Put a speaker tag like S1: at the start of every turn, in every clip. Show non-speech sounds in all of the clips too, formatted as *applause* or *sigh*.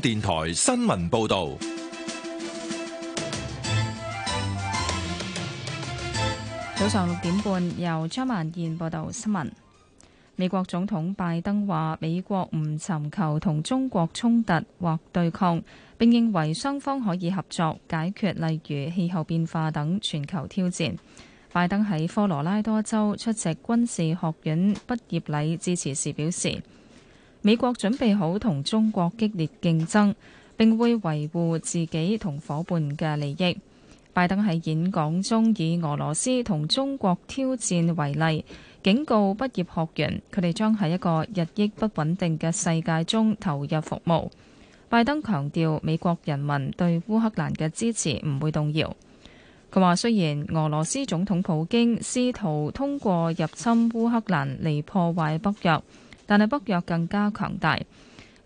S1: 電台新聞報道，
S2: 早上六點半，由張曼燕報道新聞。美國總統拜登話，美國唔尋求同中國衝突或對抗，並認為雙方可以合作解決，例如氣候變化等全球挑戰。拜登喺科羅拉多州出席軍事學院畢業禮致辭時表示。美國準備好同中國激烈競爭，並會維護自己同伙伴嘅利益。拜登喺演講中以俄羅斯同中國挑戰為例，警告畢業學員佢哋將喺一個日益不穩定嘅世界中投入服務。拜登強調美國人民對烏克蘭嘅支持唔會動搖。佢話：雖然俄羅斯總統普京試圖通過入侵烏克蘭嚟破壞北約。但係北約更加強大。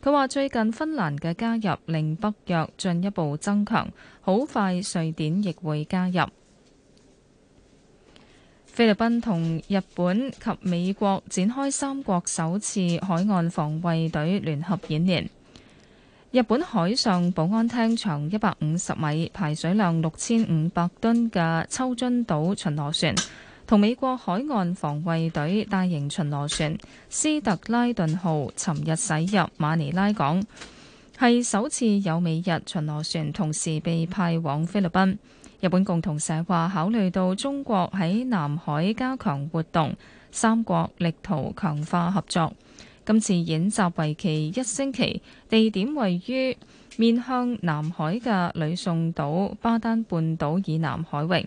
S2: 佢話最近芬蘭嘅加入令北約進一步增強，好快瑞典亦會加入。菲律賓同日本及美國展開三國首次海岸防衛隊聯合演練。日本海上保安廳長一百五十米、排水量六千五百噸嘅秋津島巡邏船。同美國海岸防衛隊大型巡邏船斯特拉頓號尋日駛入馬尼拉港，係首次有美日巡邏船同時被派往菲律賓。日本共同社話，考慮到中國喺南海加強活動，三國力圖強化合作。今次演習為期一星期，地點位於面向南海嘅呂宋島巴丹半島以南海域。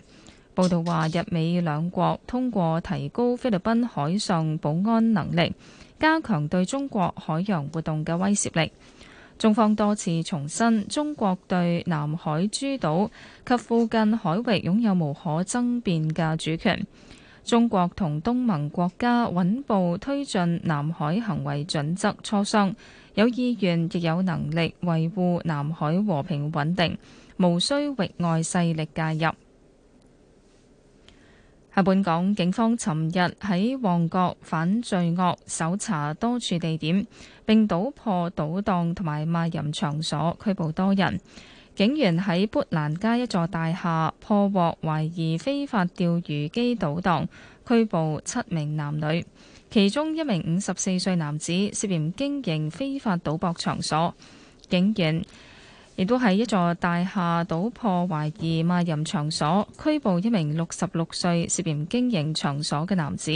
S2: 報道話，日美兩國通過提高菲律賓海上保安能力，加強對中國海洋活動嘅威懾力。中方多次重申，中國對南海諸島及附近海域擁有無可爭辯嘅主權。中國同東盟國家穩步推進南海行為準則磋商，有意願亦有能力維護南海和平穩定，無需域外勢力介入。喺本港，警方尋日喺旺角反罪惡，搜查多處地點，並搗破賭檔同埋賣淫場所，拘捕多人。警員喺砵蘭街一座大廈破獲懷疑非法釣魚機賭檔，拘捕七名男女，其中一名五十四歲男子涉嫌經營非法賭博場所。警員，亦都係一座大廈，搗破懷疑賣淫場所，拘捕一名六十六歲涉嫌經營場所嘅男子。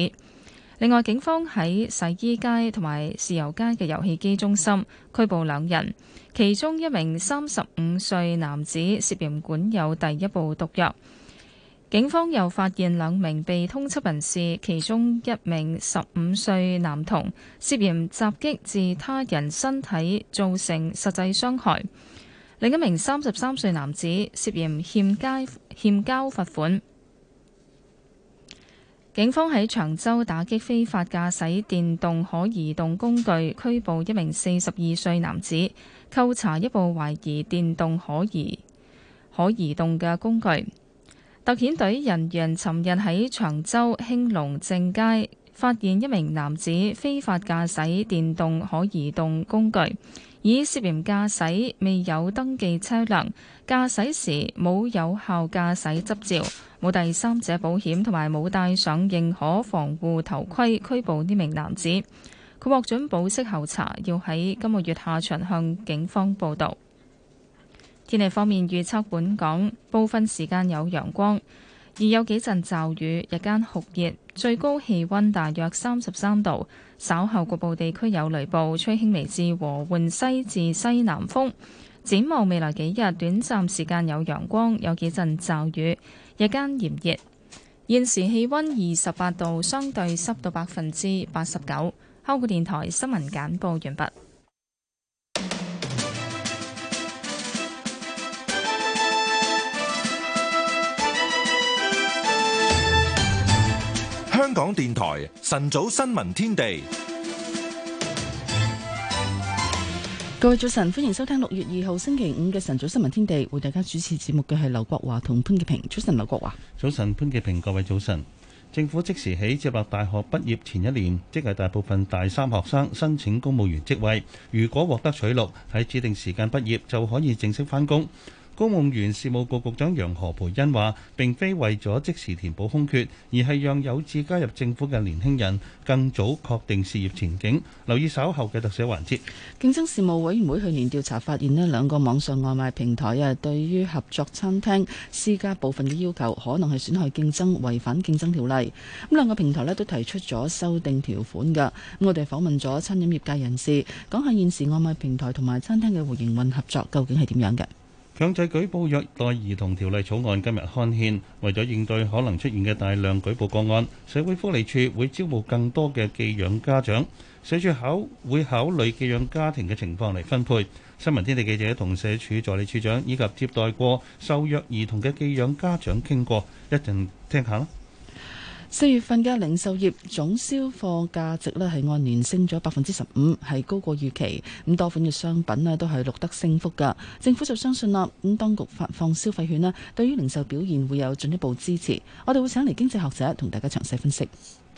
S2: 另外，警方喺洗衣街同埋豉油街嘅遊戲機中心拘捕兩人，其中一名三十五歲男子涉嫌管有第一部毒藥。警方又發現兩名被通緝人士，其中一名十五歲男童涉嫌襲擊致他人身體造成實際傷害。另一名三十三歲男子涉嫌欠交欠交罰款。警方喺長洲打擊非法駕駛電動可移動工具，拘捕一名四十二歲男子，扣查一部懷疑電動可移可移動嘅工具。特遣隊人員尋日喺長洲興隆正街發現一名男子非法駕駛電動可移動工具。以涉嫌駕駛未有登記車輛駕駛時冇有效駕駛執照、冇第三者保險同埋冇戴上認可防護頭盔拘捕呢名男子。佢獲准保釋候查，要喺今個月下旬向警方報到。天氣方面預測本港部分時間有陽光。而有幾陣驟雨，日間酷熱，最高氣温大約三十三度。稍後局部地區有雷暴，吹輕微至和緩西至西南風。展望未來幾日，短暫時間有陽光，有幾陣驟雨，日間炎熱。現時氣温二十八度，相對濕度百分之八十九。香港電台新聞簡報完畢。
S1: 香港電台晨早新聞天地，
S3: 各位早晨，歡迎收聽六月二號星期五嘅晨早新聞天地。為大家主持節目嘅係劉國華同潘潔平。早晨，劉國華，
S4: 早晨，潘潔平。各位早晨，政府即時起接納大學畢業前一年，即係大部分大三學生申請公務員職位。如果獲得取錄，喺指定時間畢業就可以正式翻工。公務員事務局局長楊何培恩話：並非為咗即時填補空缺，而係讓有志加入政府嘅年輕人更早確定事業前景。留意稍後嘅特寫環節。
S3: 競爭事務委員會去年調查發現咧，兩個網上外賣平台啊，對於合作餐廳施加部分嘅要求，可能係損害競爭、違反競爭條例。咁兩個平台咧都提出咗修訂條款嘅。咁我哋訪問咗餐飲業界人士，講下現時外賣平台同埋餐廳嘅互營運合作究竟係點樣嘅。
S4: 強制舉報虐待兒童條例草案今日刊憲，為咗應對可能出現嘅大量舉報個案，社會福利署會招募更多嘅寄養家長，社署考會考慮寄養家庭嘅情況嚟分配。新聞天地記者同社署助理署長以及接待過受虐兒童嘅寄養家長傾過，一陣聽下啦。
S3: 四月份嘅零售業總銷貨價值呢係按年升咗百分之十五，係高過預期。咁多款嘅商品呢都係錄得升幅㗎。政府就相信啦，咁當局發放消費券呢，對於零售表現會有進一步支持。我哋會請嚟經濟學者同大家詳細分析。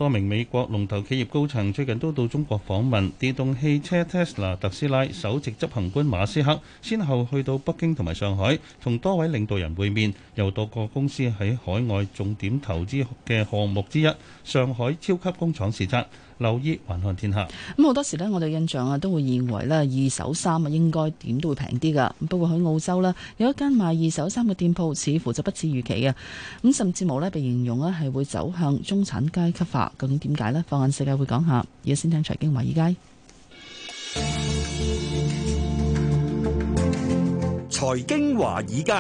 S4: 多名美國龍頭企業高層最近都到中國訪問。電動汽車 Tesla 特斯拉首席執行官馬斯克，先後去到北京同埋上海，同多位領導人會面。又到過公司喺海外重點投資嘅項目之一上海超級工廠視察。留意環看天下。咁
S3: 好多時呢，我哋印象啊，都會認為咧二手衫啊應該點都會平啲噶。不過喺澳洲呢，有一間賣二手衫嘅店鋪，似乎就不似預期嘅。咁甚至無呢被形容咧係會走向中產階級化。咁點解呢？放眼世界會講下。而家先聽財經華爾街。
S5: 財
S1: 經華爾街，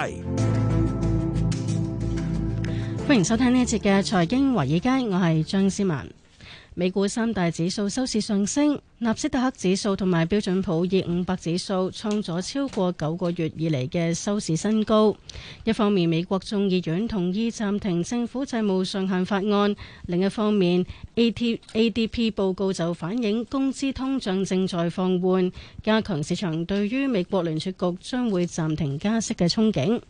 S6: 歡迎收聽呢一節嘅財經華爾街，爾街，我係張思文。美股三大指數收市上升，納斯達克指數同埋標準普爾五百指數創咗超過九個月以嚟嘅收市新高。一方面，美國眾議院同意暫停政府債務上限法案；另一方面，ADP 報告就反映工資通脹正在放緩，加強市場對於美國聯儲局將會暫停加息嘅憧憬。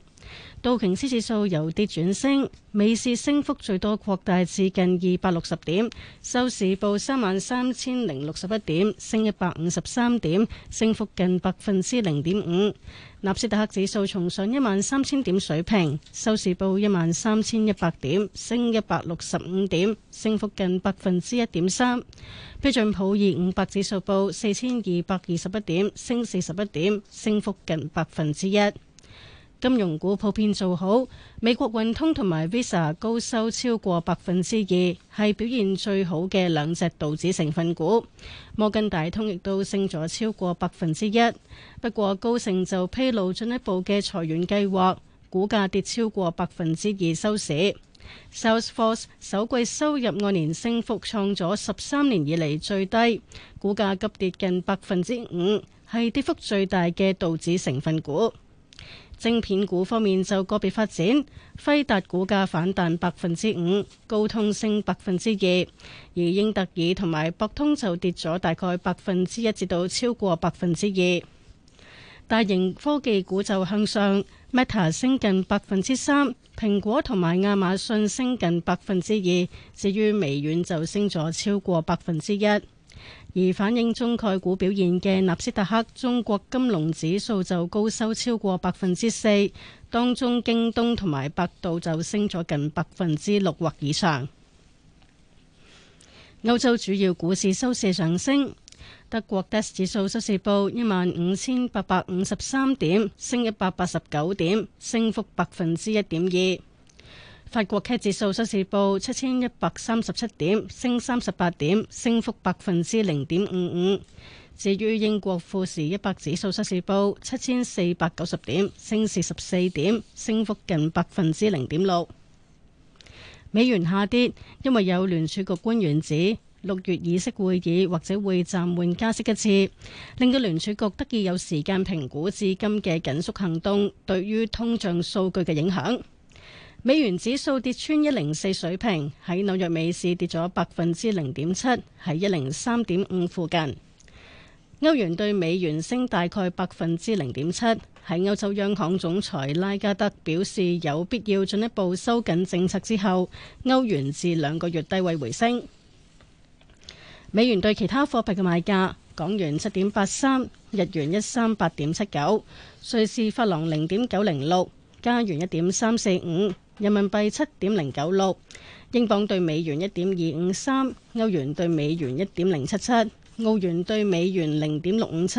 S6: 道瓊斯指數由跌轉升，美市升幅最多擴大至近二百六十點，收市報三萬三千零六十一點，升一百五十三點，升幅近百分之零點五。納斯達克指數重上一萬三千點水平，收市報一萬三千一百點，升一百六十五點，升幅近百分之一點三。標準普爾五百指數報四千二百二十一點，升四十一點，升幅近百分之一。金融股普遍做好，美國運通同埋 Visa 高收超過百分之二，係表現最好嘅兩隻道指成分股。摩根大通亦都升咗超過百分之一，不過高盛就披露進一步嘅裁員計劃，股價跌超過百分之二收市。Salesforce 首季收入按年升幅創咗十三年以嚟最低，股價急跌近百分之五，係跌幅最大嘅道指成分股。晶片股方面就個別發展，輝達股價反彈百分之五，高通升百分之二，而英特爾同埋博通就跌咗大概百分之一至到超過百分之二。大型科技股就向上，Meta 升近百分之三，蘋果同埋亞馬遜升近百分之二，至於微軟就升咗超過百分之一。而反映中概股表現嘅納斯達克中國金龍指數就高收超過百分之四，當中京東同埋百度就升咗近百分之六或以上。歐洲主要股市收市上升，德國 DAX 指數收市報一萬五千八百五十三點，升一百八十九點，升幅百分之一點二。法國 CAC 指數收市報七千一百三十七點，升三十八點，升幅百分之零點五五。至於英國富時一百指數收市報七千四百九十點，升市十四點，升幅近百分之零點六。美元下跌，因為有聯儲局官員指六月議息會議或者會暫緩加息一次，令到聯儲局得以有時間評估至今嘅緊縮行動對於通脹數據嘅影響。美元指數跌穿一零四水平，喺紐約美市跌咗百分之零點七，喺一零三點五附近。歐元對美元升大概百分之零點七。喺歐洲央行總裁拉加德表示有必要進一步收緊政策之後，歐元至兩個月低位回升。美元對其他貨幣嘅賣價：港元七點八三，日元一三八點七九，瑞士法郎零點九零六，加元一點三四五。人民幣七點零九六，英鎊兌美元一點二五三，歐元兌美元一點零七七，澳元兌美元零點六五七，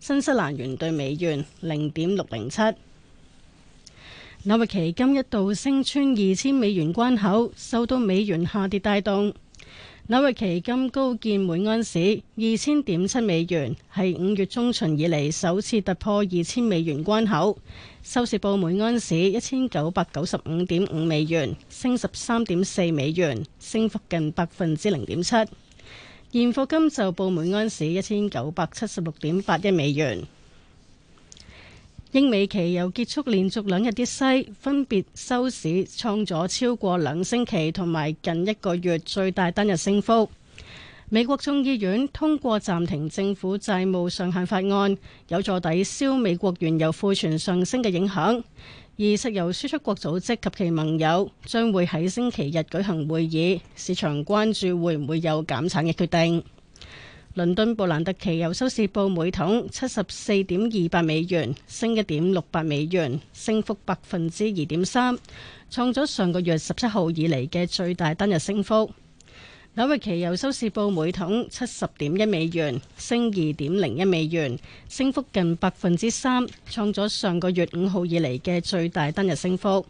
S6: 新西蘭元兌美元零點六零七。紐約期金一度升穿二千美元關口，受到美元下跌帶動。紐約期金高見每盎司二千點七美元，係五月中旬以嚟首次突破二千美元關口。收市報每盎司一千九百九十五點五美元，升十三點四美元，升幅近百分之零點七。現貨金就報每盎司一千九百七十六點八一美元。英美期又結束連續兩日跌勢，分別收市創咗超過兩星期同埋近一個月最大單日升幅。美國眾議院通過暫停政府債務上限法案，有助抵消美國原油庫存上升嘅影響。而石油輸出國組織及其盟友將會喺星期日舉行會議，市場關注會唔會有減產嘅決定。倫敦布蘭特期油收市報每桶七十四點二八美元，升一點六八美元，升幅百分之二點三，創咗上個月十七號以嚟嘅最大單日升幅。紐約期油收市報每桶七十點一美元，升二點零一美元，升幅近百分之三，創咗上個月五號以嚟嘅最大單日升幅。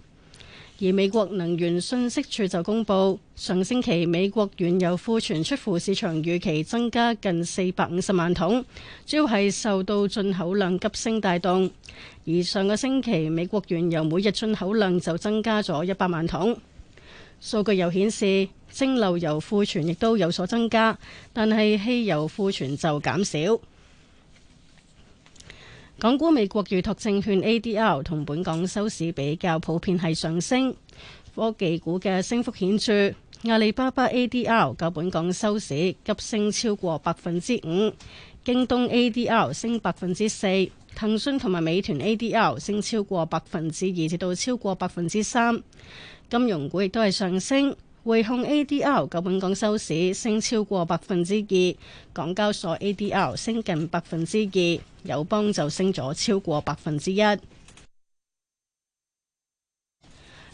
S6: 而美國能源信息署就公布，上星期美國原油庫存出乎市場預期增加近四百五十萬桶，主要係受到進口量急升帶動。而上個星期美國原油每日進口量就增加咗一百萬桶。數據又顯示，蒸餾油庫存亦都有所增加，但係汽油庫存就減少。港股美國預託證券 ADR 同本港收市比較普遍係上升，科技股嘅升幅顯著。阿里巴巴 ADR 較本港收市急升超過百分之五，京東 ADR 升百分之四，騰訊同埋美團 ADR 升超過百分之二至到超過百分之三，金融股亦都係上升。匯控 ADR 及本港收市升超過百分之二，港交所 ADR 升近百分之二，友邦就升咗超過百分之一。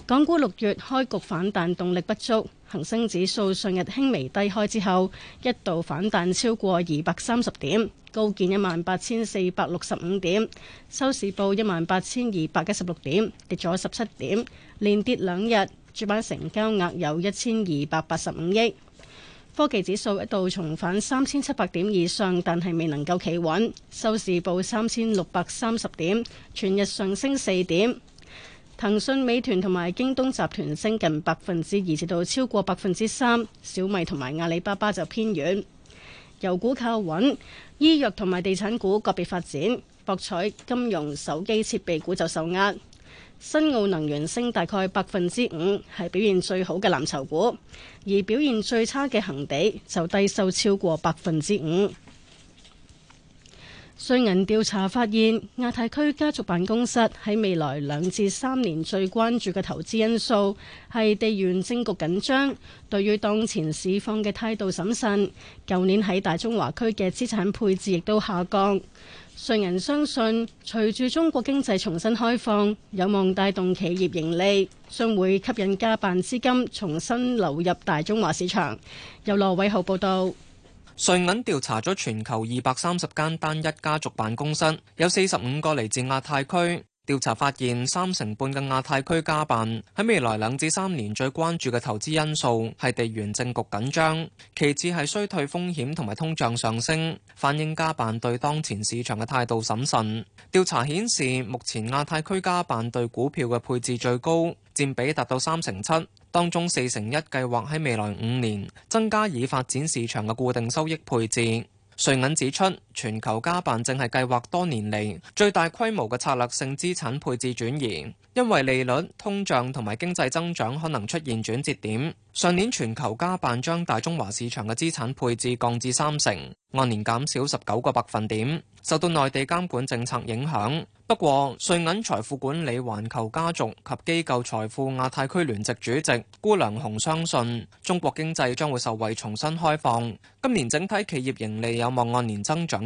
S6: 港股六月開局反彈動力不足，恒生指數上日輕微低開之後，一度反彈超過二百三十點，高見一萬八千四百六十五點，收市報一萬八千二百一十六點，跌咗十七點，連跌兩日。主板成交額有一千二百八十五億，科技指數一度重返三千七百點以上，但係未能夠企穩，收市報三千六百三十點，全日上升四點。騰訊、美團同埋京東集團升近百分之二，至到超過百分之三。小米同埋阿里巴巴就偏軟，油股靠穩，醫藥同埋地產股個別發展，博彩、金融、手機設備股就受壓。新奧能源升大概百分之五，係表現最好嘅藍籌股；而表現最差嘅恒地就低收超過百分之五。瑞銀調查發現，亞太區家族辦公室喺未來兩至三年最關注嘅投資因素係地緣政局緊張，對於當前市況嘅態度審慎。舊年喺大中華區嘅資產配置亦都下降。瑞銀相信，隨住中國經濟重新開放，有望帶動企業盈利，將會吸引家辦資金重新流入大中華市場。由羅偉浩報道。
S7: 瑞銀調查咗全球二百三十間單一家族辦公室，有四十五個嚟自亞太區。調查發現，三成半嘅亞太區家辦喺未來兩至三年最關注嘅投資因素係地緣政局緊張，其次係衰退風險同埋通脹上升，反映家辦對當前市場嘅態度審慎。調查顯示，目前亞太區家辦對股票嘅配置最高，佔比達到三成七，當中四成一計劃喺未來五年增加已發展市場嘅固定收益配置。瑞銀指出，全球家辦正係計劃多年嚟最大規模嘅策略性資產配置轉移，因為利率、通脹同埋經濟增長可能出現轉折點。上年全球家辦將大中華市場嘅資產配置降至三成，按年減少十九個百分點，受到內地監管政策影響。不過，瑞銀財富管理環球家族及機構財富亞太區聯席主席顧良雄相信，中國經濟將會受惠重新開放，今年整體企業盈利有望按年增長。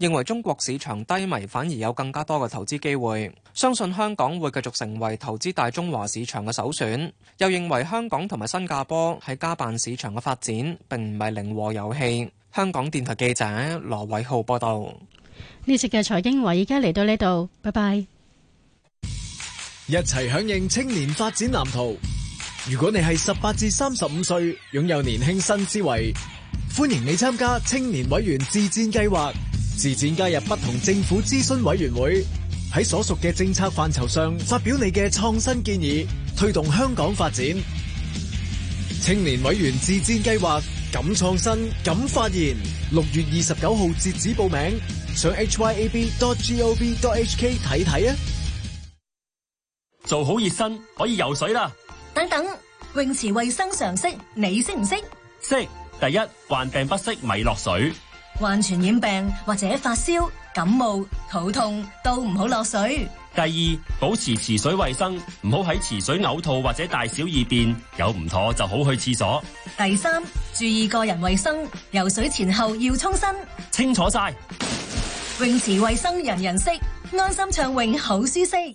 S7: 認為中國市場低迷，反而有更加多嘅投資機會，相信香港會繼續成為投資大中華市場嘅首選。又認為香港同埋新加坡喺家辦市場嘅發展，並唔係零和遊戲。香港電台記者羅偉浩報道。
S6: 呢節嘅財經話，而家嚟到呢度，拜拜。
S8: 一齊響應青年發展藍圖。如果你係十八至三十五歲，擁有年輕新思維，歡迎你參加青年委員自薦計劃。自薦加入不同政府諮詢委員會，喺所屬嘅政策範疇上發表你嘅創新建議，推動香港發展。青年委員自薦計劃，敢創新，敢發言。六月二十九號截止報
S9: 名，上 hyab.gov.hk 睇睇啊！做好熱身，可以游水啦。
S1: 等等，泳池衛生常識你識唔識？識！
S10: 第一，患病不適，咪落水。
S11: 患傳染病或者發燒、感冒、肚痛都唔好落水。
S10: 第二，保持池水衛生，唔好喺池水嘔吐或者大小二便，有唔妥就好去廁所。
S1: 第三，注意個人衛生，游水前後要沖身，清楚晒。泳池衛生人人識，安心暢泳好舒適。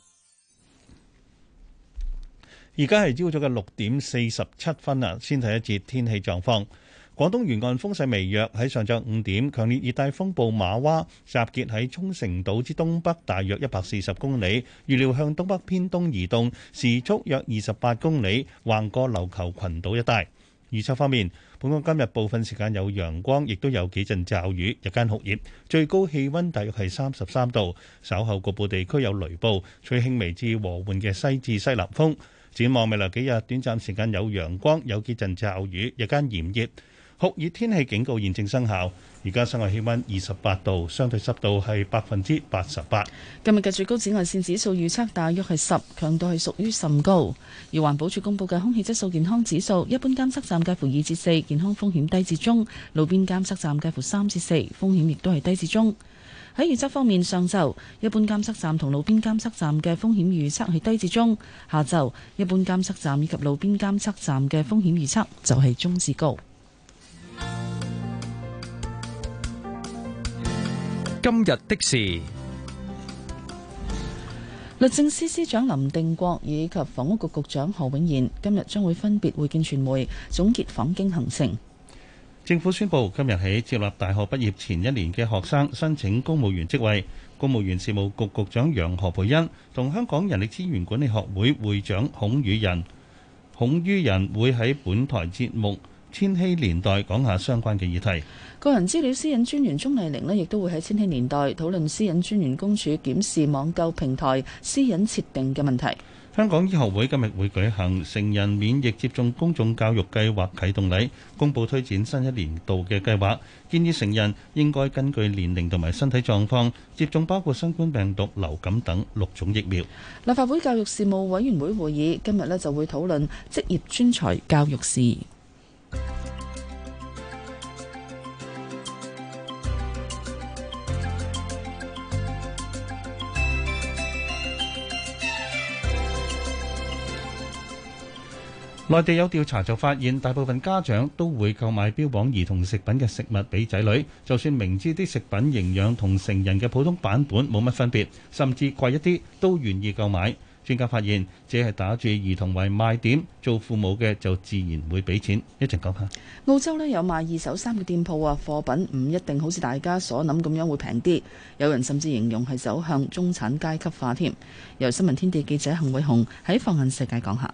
S4: 而家係朝早嘅六點四十七分啊，先睇一節天氣狀況。廣東沿岸風勢微弱，喺上晝五點，強烈熱帶風暴馬娃集結喺沖繩島之東北，大約一百四十公里，預料向東北偏東移動，時速約二十八公里，橫過琉球群島一帶。預測方面，本港今日部分時間有陽光，亦都有幾陣驟雨，日間酷熱，最高氣温大約係三十三度。稍後局部地區有雷暴，吹輕微至和緩嘅西至西南風。展望未來幾日，短暫時間有陽光，有幾陣驟雨，日間炎熱。酷熱天氣警告現正生效，而家室外氣溫二十八度，相對濕度係百分之八十八。
S3: 今日嘅最高紫外線指數預測大約係十，強度係屬於甚高。而環保署公布嘅空氣質素健康指數，一般監測站介乎二至四，健康風險低至中；路邊監測站介乎三至四，風險亦都係低至中。喺預測方面，上晝一般監測站同路邊監測站嘅風險預測係低至中；下晝一般監測站以及路邊監測站嘅風險預測就係中至高。
S9: 今日的事，
S3: 律政司司長林定國以及房屋局局長何永賢今日將會分別會見傳媒，總結訪
S4: 京行程。政府宣佈今日起接納大學畢業前一年嘅學生申請公務員職位。公務員事務局局長楊何蓓茵同香港人力資源管理學會會長孔宇仁，孔于仁會喺本台節目千禧年代講下相關嘅議題。
S3: 個人資料私隱專員鍾麗玲呢，亦都會喺千禧年代討論私隱專員公署檢視網購平台私隱設定嘅問題。
S4: 香港醫學會今日會舉行成人免疫接種公眾教育計劃啟動禮，公布推展新一年度嘅計劃，建議成人應該根據年齡同埋身體狀況接種，包括新冠病毒、流感等六種疫苗。立法會教
S3: 育事務委員會會議今日呢，就會討論職業專才教育事
S4: 內地有調查就發現，大部分家長都會購買標榜兒童食品嘅食物俾仔女，就算明知啲食品營養同成人嘅普通版本冇乜分別，甚至貴一啲，都願意購買。專家發現，只係打住兒童為賣點，做父母嘅就自然會俾錢。一陣講下，
S3: 澳洲咧有賣二手衫嘅店鋪啊，貨品唔一定好似大家所諗咁樣會平啲。有人甚至形容係走向中產階級化添。由新聞天地記者幸偉雄喺放眼世界講下，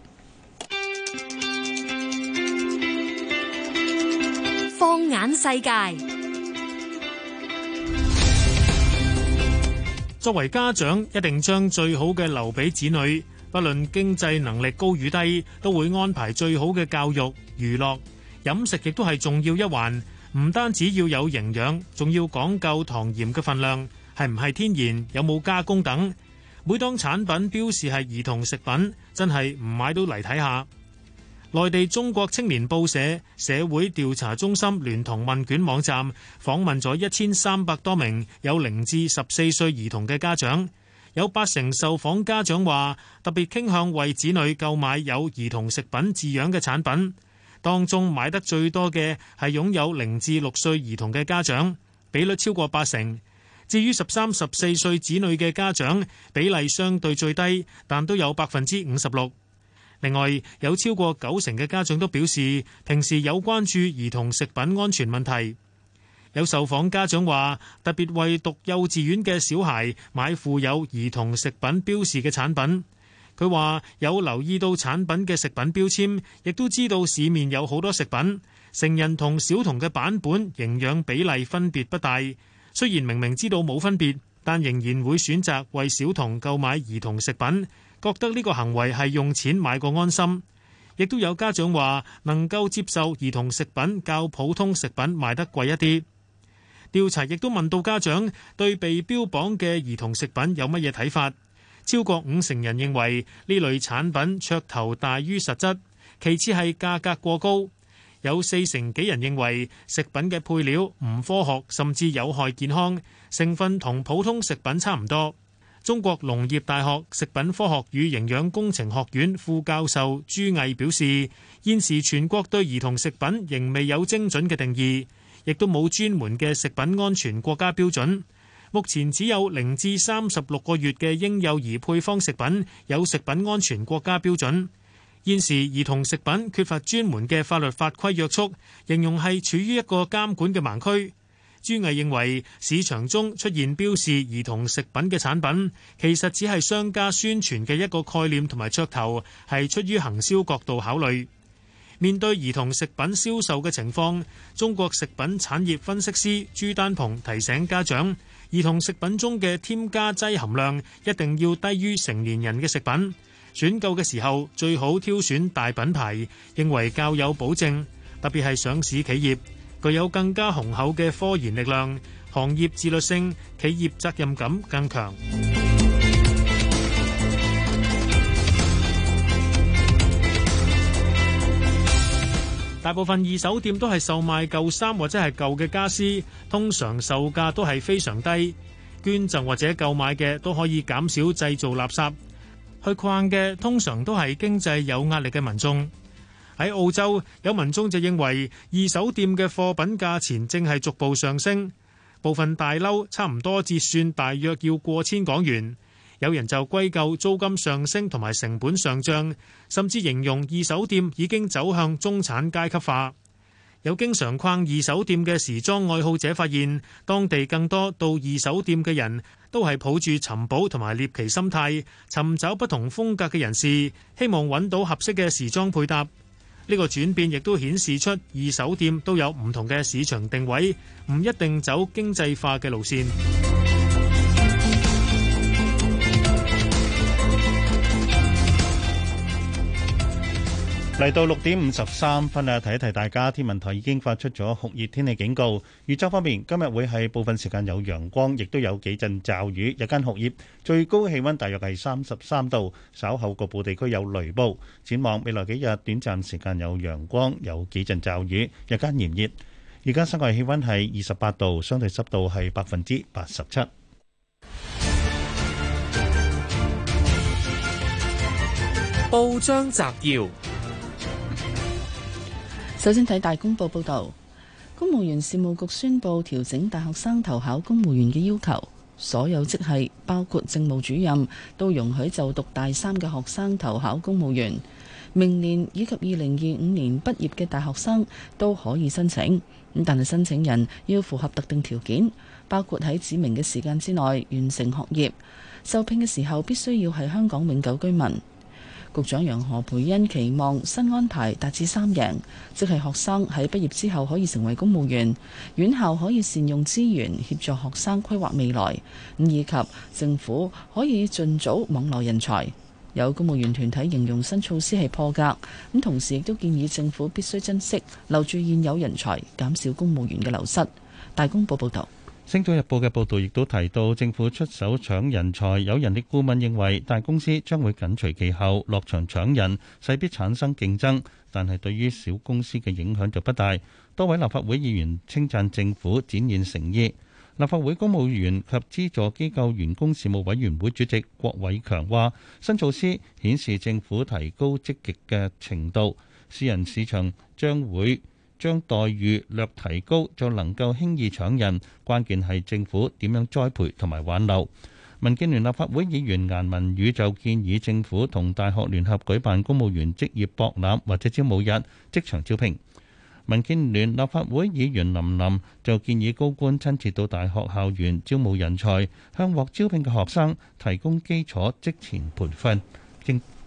S12: 放眼世界。
S9: 作為家長，一定將最好嘅留俾子女，不論經濟能力高與低，都會安排最好嘅教育、娛樂、飲食，亦都係重要一環。唔單止要有營養，仲要講究糖鹽嘅份量，係唔係天然，有冇加工等。每當產品標示係兒童食品，真係唔買都嚟睇下。內地中國青年報社社會調查中心聯同問卷網站訪問咗一千三百多名有零至十四歲兒童嘅家長，有八成受訪家長話特別傾向為子女購買有兒童食品字樣嘅產品。當中買得最多嘅係擁有零至六歲兒童嘅家長，比率超過八成。至於十三、十四歲子女嘅家長，比例相對最低，但都有百分之五十六。另外，有超過九成嘅家長都表示，平時有關注兒童食品安全問題。有受訪家長話，特別為讀幼稚園嘅小孩買附有兒童食品標示嘅產品。佢話，有留意到產品嘅食品標籤，亦都知道市面有好多食品，成人同小童嘅版本營養比例分別不大。雖然明明知道冇分別，但仍然會選擇為小童購買兒童食品。覺得呢個行為係用錢買個安心，亦都有家長話能夠接受兒童食品較普通食品賣得貴一啲。調查亦都問到家長對被標榜嘅兒童食品有乜嘢睇法，超過五成人認為呢類產品噱頭大於實質，其次係價格過高，有四成幾人認為食品嘅配料唔科學，甚至有害健康，成分同普通食品差唔多。中國農業大學食品科學與營養工程學院副教授朱毅表示，現時全國對兒童食品仍未有精準嘅定義，亦都冇專門嘅食品安全國家標準。目前只有零至三十六個月嘅嬰幼兒配方食品有食品安全國家標準。現時兒童食品缺乏專門嘅法律法規約束，形容係處於一個監管嘅盲區。朱毅認為，市場中出現標示兒童食品嘅產品，其實只係商家宣傳嘅一個概念同埋噱頭，係出於行銷角度考慮。面對兒童食品銷售嘅情況，中國食品產業分析師朱丹蓬提醒家長，兒童食品中嘅添加劑含量一定要低於成年人嘅食品。選購嘅時候最好挑選大品牌，認為較有保證，特別係上市企業。具有更加雄厚嘅科研力量，行業自律性、企業責任感更強。 *music* 大部分二手店都係售賣舊衫或者係舊嘅家私，通常售價都係非常低。捐贈或者購買嘅都可以減少製造垃圾。去逛嘅通常都係經濟有壓力嘅民眾。喺澳洲，有民眾就認為二手店嘅貨品價錢正係逐步上升，部分大褸差唔多折算大約要過千港元。有人就歸咎租金上升同埋成本上漲，甚至形容二手店已經走向中產階級化。有經常逛二手店嘅時裝愛好者發現，當地更多到二手店嘅人都係抱住尋寶同埋獵奇心態，尋找不同風格嘅人士，希望揾到合適嘅時裝配搭。呢個轉變亦都顯示出二手店都有唔同嘅市場定位，唔一定走經濟化嘅路線。
S4: 嚟到六點五十三分啊！提一提大家，天文台已經發出咗酷熱天氣警告。預測方面，今日會係部分時間有陽光，亦都有幾陣驟雨，日間酷熱，最高氣温大約係三十三度。稍後局部地區有雷暴。展望未來幾日，短暫時間有陽光，有幾陣驟雨，日間炎熱。而家室外氣温係二十八度，相對濕度係百分之八十七。報章摘要。
S3: 首先睇大公報報導，公務員事務局宣布調整大學生投考公務員嘅要求，所有職系包括政務主任都容許就讀大三嘅學生投考公務員，明年以及二零二五年畢業嘅大學生都可以申請。咁但係申請人要符合特定條件，包括喺指明嘅時間之內完成學業，受聘嘅時候必須要係香港永久居民。局長楊何蓓茵期望新安排達至三贏，即係學生喺畢業之後可以成為公務員，院校可以善用資源協助學生規劃未來，咁以及政府可以盡早網羅人才。有公務員團體形容新措施係破格，咁同時亦都建議政府必須珍惜留住現有人才，減少公務員嘅流失。大公報報道。
S4: 《星島日報》嘅報導亦都提到，政府出手搶人才，有人力顧問認為大公司將會緊隨其後落場搶人，勢必產生競爭。但係對於小公司嘅影響就不大。多位立法會議員稱讚政府展現誠意。立法會公務員及資助機構員工事務委員會主席郭偉強話：新措施顯示政府提高積極嘅程度，私人市場將會，將待遇略提高就能夠輕易搶人，關鍵係政府點樣栽培同埋挽留。民建聯立法會議員顏文宇就建議政府同大學聯合舉辦公務員職業博覽或者招募日，即場招聘。民建聯立法會議員林琳就建議高官親切到大學校園招募人才，向獲招聘嘅學生提供基礎職前培訓。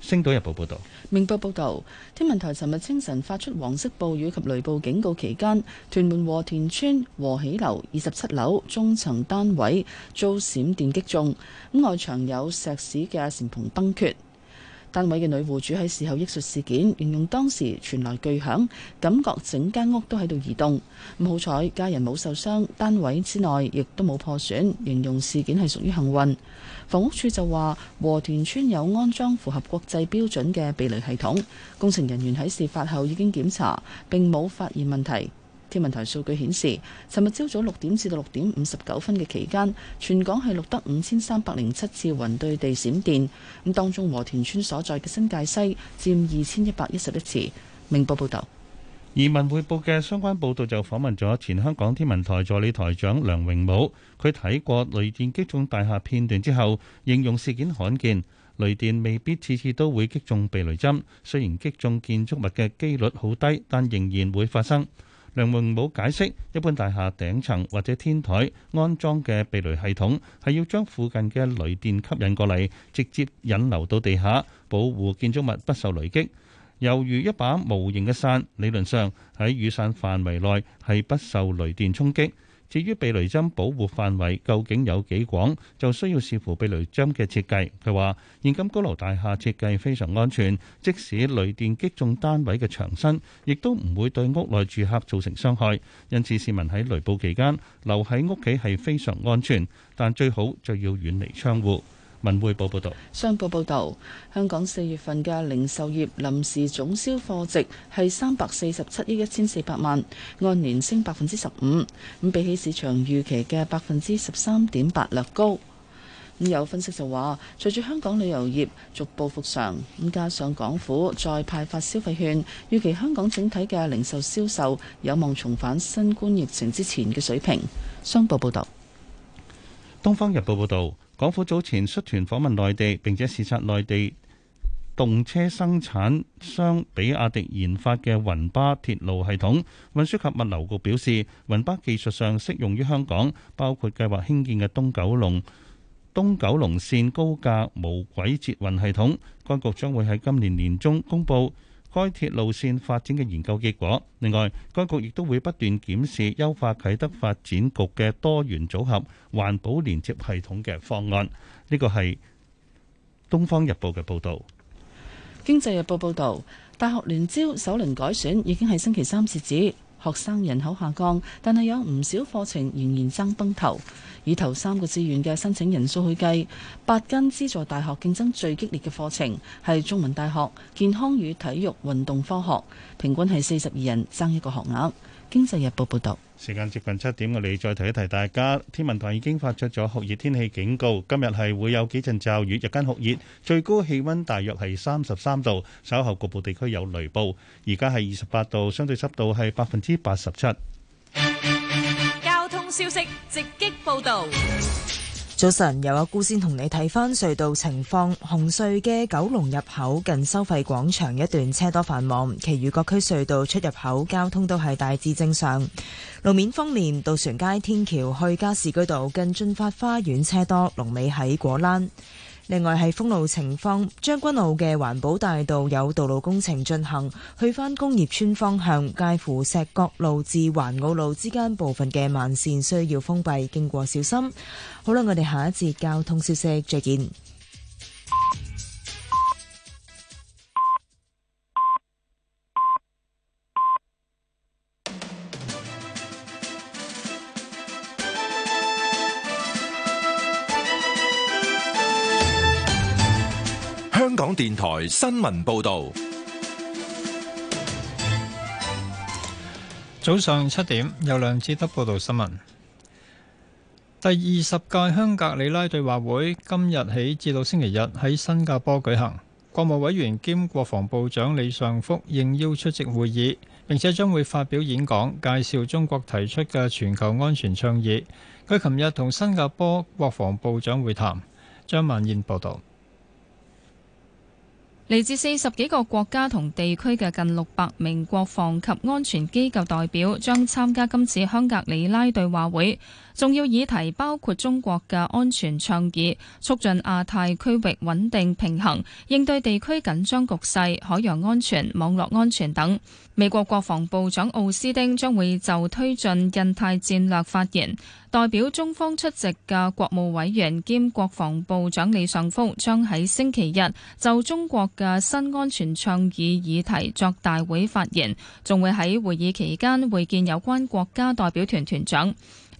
S4: 星島日報報道，
S3: 明報報道，天文台尋日清晨發出黃色暴雨及雷暴警告期間，屯門和田邨和喜樓二十七樓中層單位遭閃電擊中，外牆有石屎嘅簷篷崩缺。單位嘅女戶主喺事後憶述事件，形容當時傳來巨響，感覺整間屋都喺度移動。好彩，家人冇受傷，單位之內亦都冇破損，形容事件係屬於幸運。房屋處就話，和田村有安裝符合國際標準嘅避雷系統，工程人員喺事發後已經檢查，並冇發現問題。天文台數據顯示，尋日朝早六點至到六點五十九分嘅期間，全港係錄得五千三百零七次雲對地閃電。咁當中，和田村所在嘅新界西佔二千一百一十一次。明報報導，
S4: 而文匯報嘅相關報導就訪問咗前香港天文台助理台長梁榮武。佢睇過雷電擊中大廈片段之後，形容事件罕見。雷電未必次次都會擊中避雷針，雖然擊中建築物嘅機率好低，但仍然會發生。梁榮武解釋，一般大廈頂層或者天台安裝嘅避雷系統，係要將附近嘅雷電吸引過嚟，直接引流到地下，保護建築物不受雷擊。猶如一把無形嘅傘，理論上喺雨傘範圍內係不受雷電衝擊。至於避雷針保護範圍究竟有幾廣，就需要視乎避雷針嘅設計。佢話：現今高樓大廈設計非常安全，即使雷電擊中單位嘅牆身，亦都唔會對屋內住客造成傷害。因此市民喺雷暴期間留喺屋企係非常安全，但最好就要遠離窗戶。文匯報報道，
S3: 商報報道。香港四月份嘅零售業臨時總銷貨值係三百四十七億一千四百萬，按年升百分之十五，咁比起市場預期嘅百分之十三點八略高。咁有分析就話，隨住香港旅遊業逐步復常，咁加上港府再派發消費券，預期香港整體嘅零售銷售有望重返新冠疫情之前嘅水平。商報報道，
S4: 東方日報報道。港府早前率團訪問內地，並且視察內地動車生產商比亞迪研發嘅雲巴鐵路系統。運輸及物流局表示，雲巴技術上適用於香港，包括計劃興建嘅東九龍東九龍線高架無軌捷運系統。該局將會喺今年年中公佈該鐵路線發展嘅研究結果。另外，該局亦都會不斷檢視優化啟德發展局嘅多元組合環保連接系統嘅方案。呢個係《東方日報》嘅報道。
S3: 《經濟日報》報道，大學聯招首輪改選已經喺星期三截止。學生人口下降，但係有唔少課程仍然爭崩頭。以頭三個志願嘅申請人數去計，八間資助大學競爭最激烈嘅課程係中文大學健康與體育運動科學，平均係四十二人爭一個學額。
S4: 經濟日報報道，時間接近七點，我哋再提一提大家。天文台已經發出咗酷熱天氣警告，今日係會有幾陣驟雨，日間酷熱，最高氣溫大約係三十三度，稍後局部地區有雷暴。而家係二十八度，相對濕度係百分之八十七。
S12: 交通消息直擊報道。
S13: 早晨，有阿姑先同你睇翻隧道情況。紅隧嘅九龍入口近收費廣場一段車多繁忙，其餘各區隧道出入口交通都係大致正常。路面方面，渡船街天橋去加士居道近駿發花園車多，龍尾喺果欄。另外係封路情況，將軍澳嘅環保大道有道路工程進行，去返工業村方向介乎石角路至環澳路之間部分嘅慢線需要封閉，經過小心。好啦，我哋下一節交通消息再見。
S1: 香港電台
S14: 新聞報道，早上七點有梁志德報道新聞。第二十屆香格里拉對話會今日起至到星期日喺新加坡舉行，國務委員兼國防部長李尚福應邀出席會議，並且將會發表演講，介紹中國提出嘅全球安全倡議。佢琴日同新加坡國防部長會談。張曼燕報道。
S2: 嚟自四十幾個國家同地區嘅近六百名國防及安全機構代表將參加今次香格里拉對話會。重要議題包括中國嘅安全倡議，促進亞太區域穩定平衡，應對地區緊張局勢、海洋安全、網絡安全等。美國國防部長奧斯丁將會就推進印太戰略發言。代表中方出席嘅國務委員兼國防部長李尚福將喺星期日就中國嘅新安全倡議議題作大會發言，仲會喺會議期間會見有關國家代表團團長。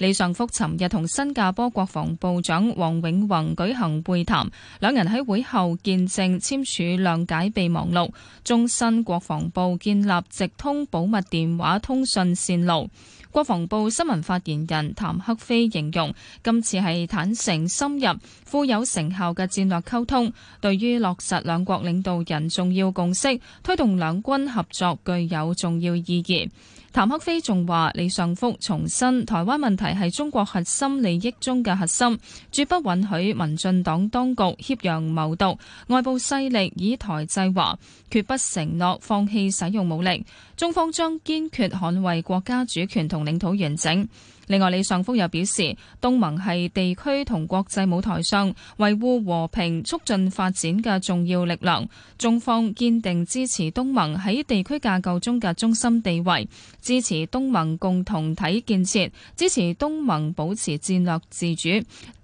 S2: 李尚福尋日同新加坡國防部長黃永宏舉行會談，兩人喺會後見證簽署諒解備忘錄，中新國防部建立直通保密電話通訊線路。國防部新聞發言人譚克非形容，今次係坦誠深入、富有成效嘅戰略溝通，對於落實兩國領導人重要共識、推動兩軍合作具有重要意義。譚克非仲話：李尚福重申，台灣問題係中國核心利益中嘅核心，絕不允許民進黨當局挾洋謀獨，外部勢力以台制華，決不承諾放棄使用武力。中方將堅決捍衛國家主權同領土完整。另外，李尚福又表示，東盟係地區同國際舞台上維護和平、促進發展嘅重要力量。中方堅定支持東盟喺地區架構中嘅中心地位，支持東盟共同體建設，支持東盟保持戰略自主，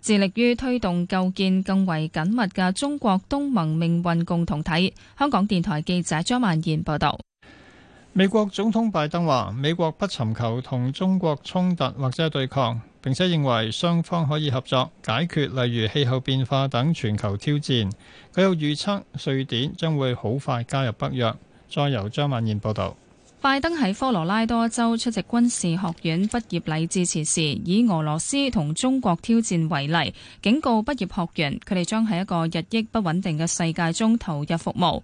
S2: 致力於推動構建更為緊密嘅中國東盟命運共同體。香港電台記者張曼燕報道。
S14: 美國總統拜登話：美國不尋求同中國衝突或者對抗，並且認為雙方可以合作解決，例如氣候變化等全球挑戰。佢又預測瑞典將會好快加入北約。再由張曼燕報道。
S2: 拜登喺科羅拉多州出席軍事學院畢業禮致辭時，以俄羅斯同中國挑戰為例，警告畢業學員佢哋將喺一個日益不穩定嘅世界中投入服務。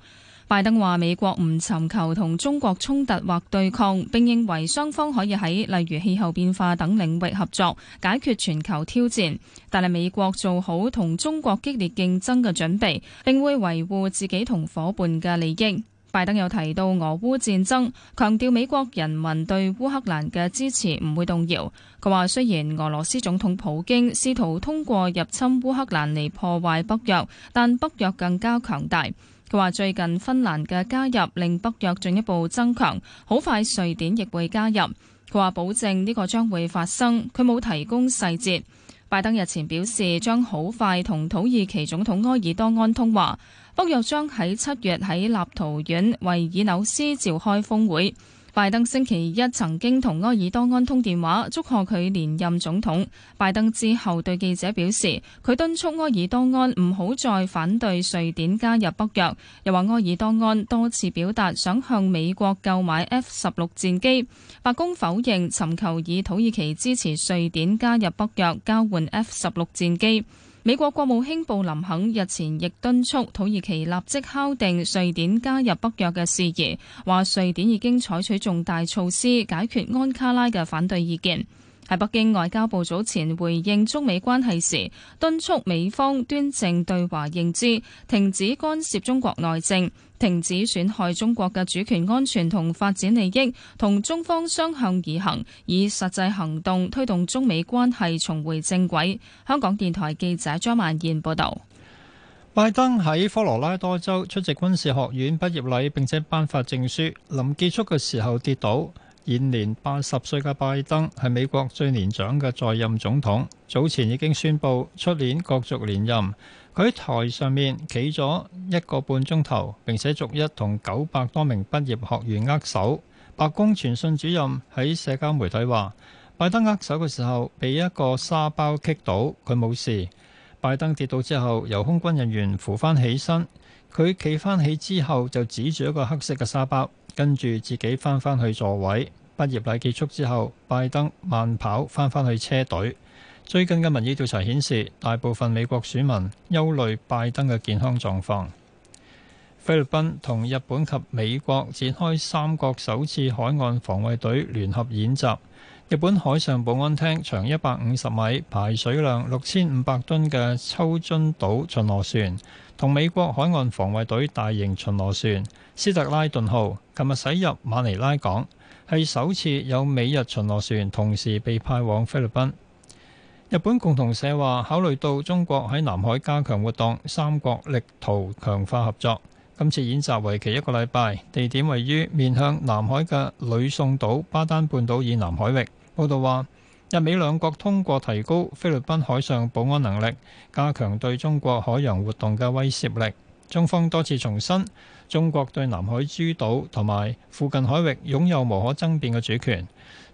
S2: 拜登話美國唔尋求同中國衝突或對抗，並認為雙方可以喺例如氣候變化等領域合作，解決全球挑戰。但係美國做好同中國激烈競爭嘅準備，並會維護自己同伙伴嘅利益。拜登又提到俄烏戰爭，強調美國人民對烏克蘭嘅支持唔會動搖。佢話雖然俄羅斯總統普京試圖通過入侵烏克蘭嚟破壞北約，但北約更加強大。佢話：最近芬蘭嘅加入令北約進一步增強，好快瑞典亦會加入。佢話保證呢個將會發生，佢冇提供細節。拜登日前表示將好快同土耳其總統埃爾多安通話，北約將喺七月喺立陶宛維爾紐斯召開峰會。拜登星期一曾經同埃爾多安通電話，祝賀佢連任總統。拜登之後對記者表示，佢敦促埃爾多安唔好再反對瑞典加入北約，又話埃爾多安多次表達想向美國購買 F 十六戰機。白宮否認尋求以土耳其支持瑞典加入北約，交換 F 十六戰機。美國國務卿布林肯日前亦敦促土耳其立即敲定瑞典加入北約嘅事宜，話瑞典已經採取重大措施解決安卡拉嘅反對意見。喺北京外交部早前回應中美關係時，敦促美方端正對華認知，停止干涉中國內政。停止損害中國嘅主權安全同發展利益，同中方相向而行，以實際行動推動中美關係重回正軌。香港電台記者張曼燕報導。
S14: 拜登喺科羅拉多州出席軍事學院畢業禮並且頒發證書，臨結束嘅時候跌倒。現年八十歲嘅拜登係美國最年長嘅在任總統，早前已經宣布出年角逐連任。佢喺台上面企咗一個半鐘頭，並且逐一同九百多名畢業學員握手。白宮傳訊主任喺社交媒體話，拜登握手嘅時候被一個沙包棘到，佢冇事。拜登跌倒之後由空軍人員扶翻起身。佢企翻起之後就指住一個黑色嘅沙包，跟住自己翻返去座位。畢業禮結束之後，拜登慢跑翻返去車隊。最近嘅民意調查顯示，大部分美國選民憂慮拜登嘅健康狀況。菲律賓同日本及美國展開三國首次海岸防衛隊聯合演習。日本海上保安廳長一百五十米、排水量六千五百噸嘅秋津島巡邏船，同美國海岸防衛隊大型巡邏船斯特拉頓號，琴日駛入馬尼拉港，係首次有美日巡邏船同時被派往菲律賓。日本共同社話，考慮到中國喺南海加強活動，三國力圖強化合作。今次演習為期一個禮拜，地點位於面向南海嘅呂宋島巴丹半島以南海域。報道話，日美兩國通過提高菲律賓海上保安能力，加強對中國海洋活動嘅威懾力。中方多次重申，中國對南海諸島同埋附近海域擁有無可爭辯嘅主權。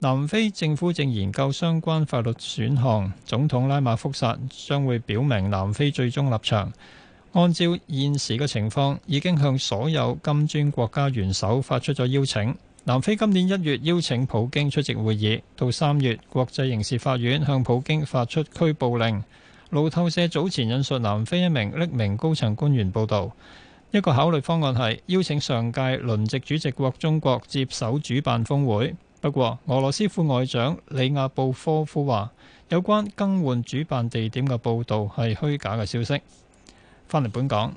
S14: 南非政府正研究相關法律選項，總統拉馬福薩將會表明南非最終立場，按照現時嘅情況，已經向所有金磚國家元首發出咗邀請。南非今年一月邀請普京出席會議，到三月國際刑事法院向普京發出拘捕令。路透社早前引述南非一名匿名高層官員報道，一個考慮方案係邀請上屆輪值主席國中國接手主辦峰會。不過，俄羅斯副外長里亞布科夫話：有關更換主辦地點嘅報導係虛假嘅消息。翻嚟本港。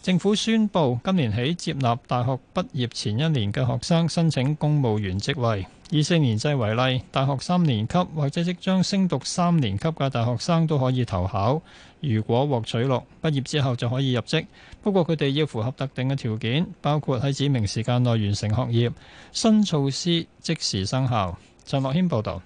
S14: 政府宣布，今年起接納大學畢業前一年嘅學生申請公務員職位。以四年制為例，大學三年級或者即將升讀三年級嘅大學生都可以投考。如果獲取錄，畢業之後就可以入職。不過佢哋要符合特定嘅條件，包括喺指明時間內完成學業。新措施即
S15: 時生效。陳樂謙報道。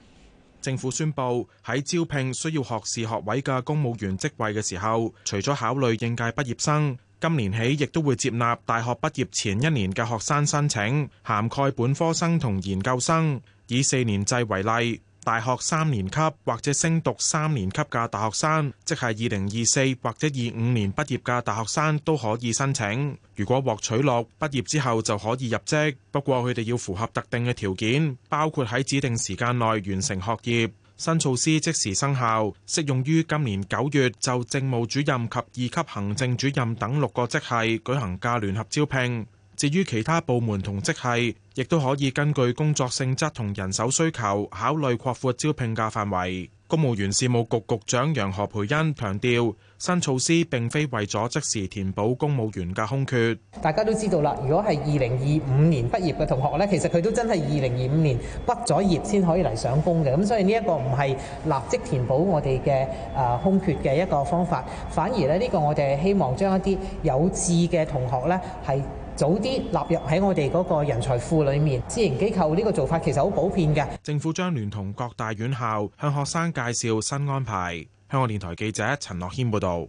S15: 政府宣布喺招聘需要學士學位嘅公務員職位嘅時候，除咗考慮應屆畢業生，今年起，亦都會接納大學畢業前一年嘅學生申請，涵蓋本科生同研究生。以四年制為例，大學三年級或者升讀三年級嘅大學生，即係二零二四或者二五年畢業嘅大學生都可以申請。如果獲取錄，畢業之後就可以入職，不過佢哋要符合特定嘅條件，包括喺指定時間內完成學業。新措施即時生效，適用於今年九月就政務主任及二級行政主任等六個職系舉行嘅聯合招聘。至於其他部門同職系，亦都可以根據工作性質同人手需求，考慮擴闊招聘嘅範圍。公務員事務局局局長楊何培恩強調。新措施並非為咗即時填補公務員嘅空缺。
S16: 大家都知道啦，如果係二零二五年畢業嘅同學咧，其實佢都真係二零二五年畢咗業先可以嚟上工嘅。咁所以呢一個唔係立即填補我哋嘅誒空缺嘅一個方法，反而呢，呢個我哋希望將一啲有志嘅同學咧係早啲納入喺我哋嗰個人才庫裏面。私營機構呢個做法其
S15: 實好普遍嘅。政府將聯同各大院校向學生介紹新安排。香港電台記者陳樂謙報道，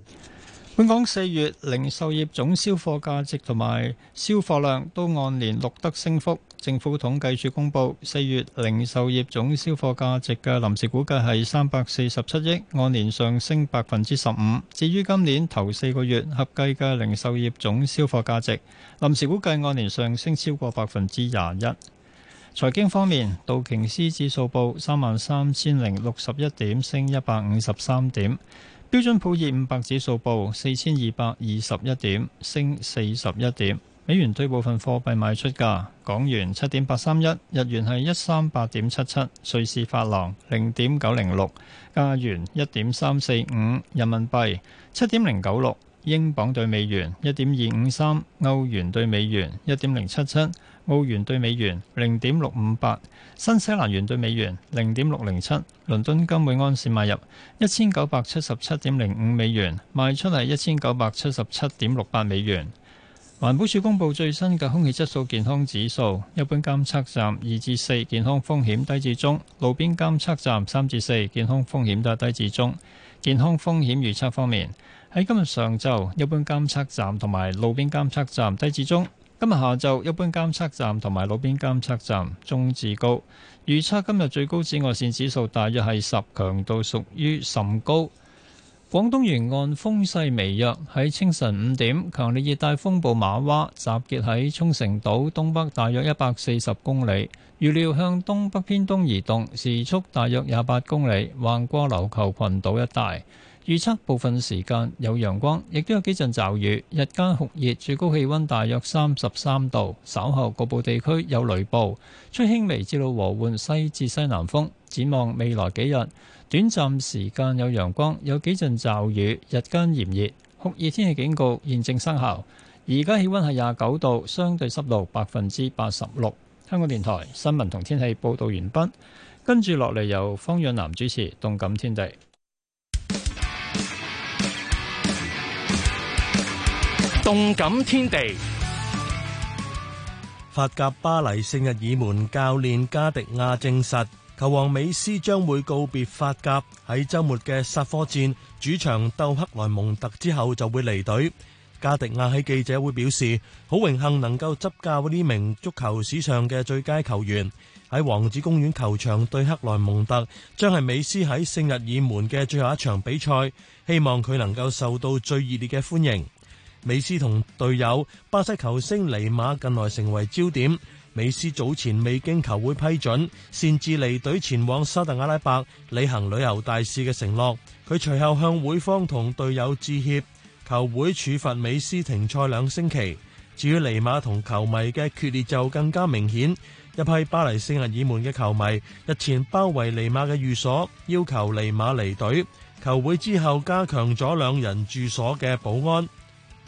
S15: 本港四月零售業總銷貨價
S14: 值同埋銷貨量都按年錄得升幅。政府統計處公布，四月零售業總銷貨價值嘅臨時估計係三百四十七億，按年上升百分之十五。至於今年頭四個月合計嘅零售業總銷貨價值，臨時估計按年上升超過百分之廿一。財經方面，道瓊斯指數報三萬三千零六十一點，升一百五十三點；標準普爾五百指數報四千二百二十一點，升四十一點。美元對部分貨幣賣出價：港元七點八三一，日元係一三八點七七，瑞士法郎零點九零六，加元一點三四五，人民幣七點零九六，英鎊對美元一點二五三，歐元對美元一點零七七。澳元兌美元零點六五八，新西蘭元兌美元零點六零七，倫敦金每安士買入一千九百七十七點零五美元，賣出係一千九百七十七點六八美元。環保署公布最新嘅空氣質素健康指數，一般監測站二至四健康風險低至中，路邊監測站三至四健康風險都係低至中。健康風險預測方面，喺今日上晝，一般監測站同埋路邊監測站低至中。今日下晝一般監測站同埋路邊監測站中至高，預測今日最高紫外線指數大約係十，強度屬於甚高。廣東沿岸風勢微弱，喺清晨五點，強烈熱帶風暴馬娃集結喺沖繩島東北大約一百四十公里，預料向東北偏東移動，時速大約廿八公里，橫過琉球群島一帶。預測部分時間有陽光，亦都有幾陣驟雨，日間酷熱，最高氣溫大約三十三度。稍後局部地區有雷暴，吹輕微至到和緩西至西南風。展望未來幾日，短暫時間有陽光，有幾陣驟雨，日間炎熱，酷熱天氣警告現正生效。而家氣溫係廿九度，相對濕度百分之八十六。香港電台新聞同天氣報道完畢，跟住落嚟由方潤南主持《動感天地》。動感天地，
S5: 法甲巴黎聖日耳門教練加迪亞證實，球王美斯將會告別法甲。喺週末嘅煞科戰主場鬥克萊蒙特之後，就會離隊。加迪亞喺記者會表示，好榮幸能夠執教呢名足球史上嘅最佳球員。喺王子公園球場對克萊蒙特，將係美斯喺聖日耳門嘅最後一場比賽。希望佢能夠受到最熱烈嘅歡迎。美斯同隊友巴西球星尼馬近來成為焦點。美斯早前未經球會批准，擅自離隊前往沙特阿拉伯履行旅遊大使嘅承諾。佢隨後向會方同隊友致歉，球會處罰美斯停賽兩星期。至於尼馬同球迷嘅決裂就更加明顯，一批巴黎聖日耳門嘅球迷日前包圍尼馬嘅寓所，要求尼馬離隊。球會之後加強咗兩人住所嘅保安。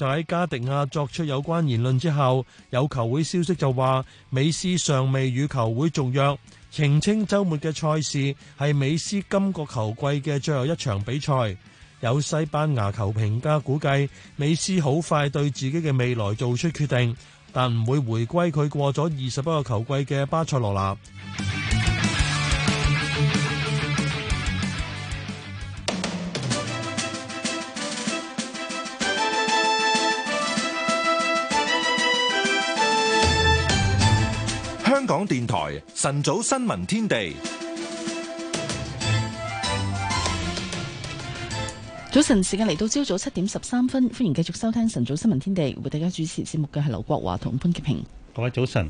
S5: 就喺加迪亞作出有關言論之後，有球會消息就話，美斯尚未與球會續約，澄清週末嘅賽事係美斯今個球季嘅最後一場比賽。有西班牙球評家估計，美斯好快對自己嘅未來做出決定，但唔會回歸佢過咗二十一個球季嘅巴塞羅那。
S1: 港電台晨早新聞天地，
S3: 早晨時間嚟到朝早七點十三分，歡迎繼續收聽晨早新聞天地，為大家主持節目嘅係劉國華同潘潔平。
S4: 各位早晨，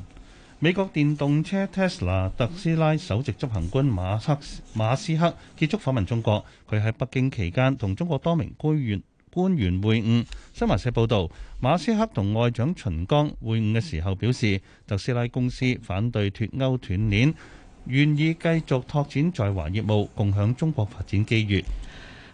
S4: 美國電動車 Tesla 特斯拉首席執行官馬克馬斯克結束訪問中國，佢喺北京期間同中國多名官員官員會晤。新華社報道，馬斯克同外長秦剛會晤嘅時候表示，特斯拉公司反對脫歐斷鏈，願意繼續拓展在華業務，共享中國發展機遇。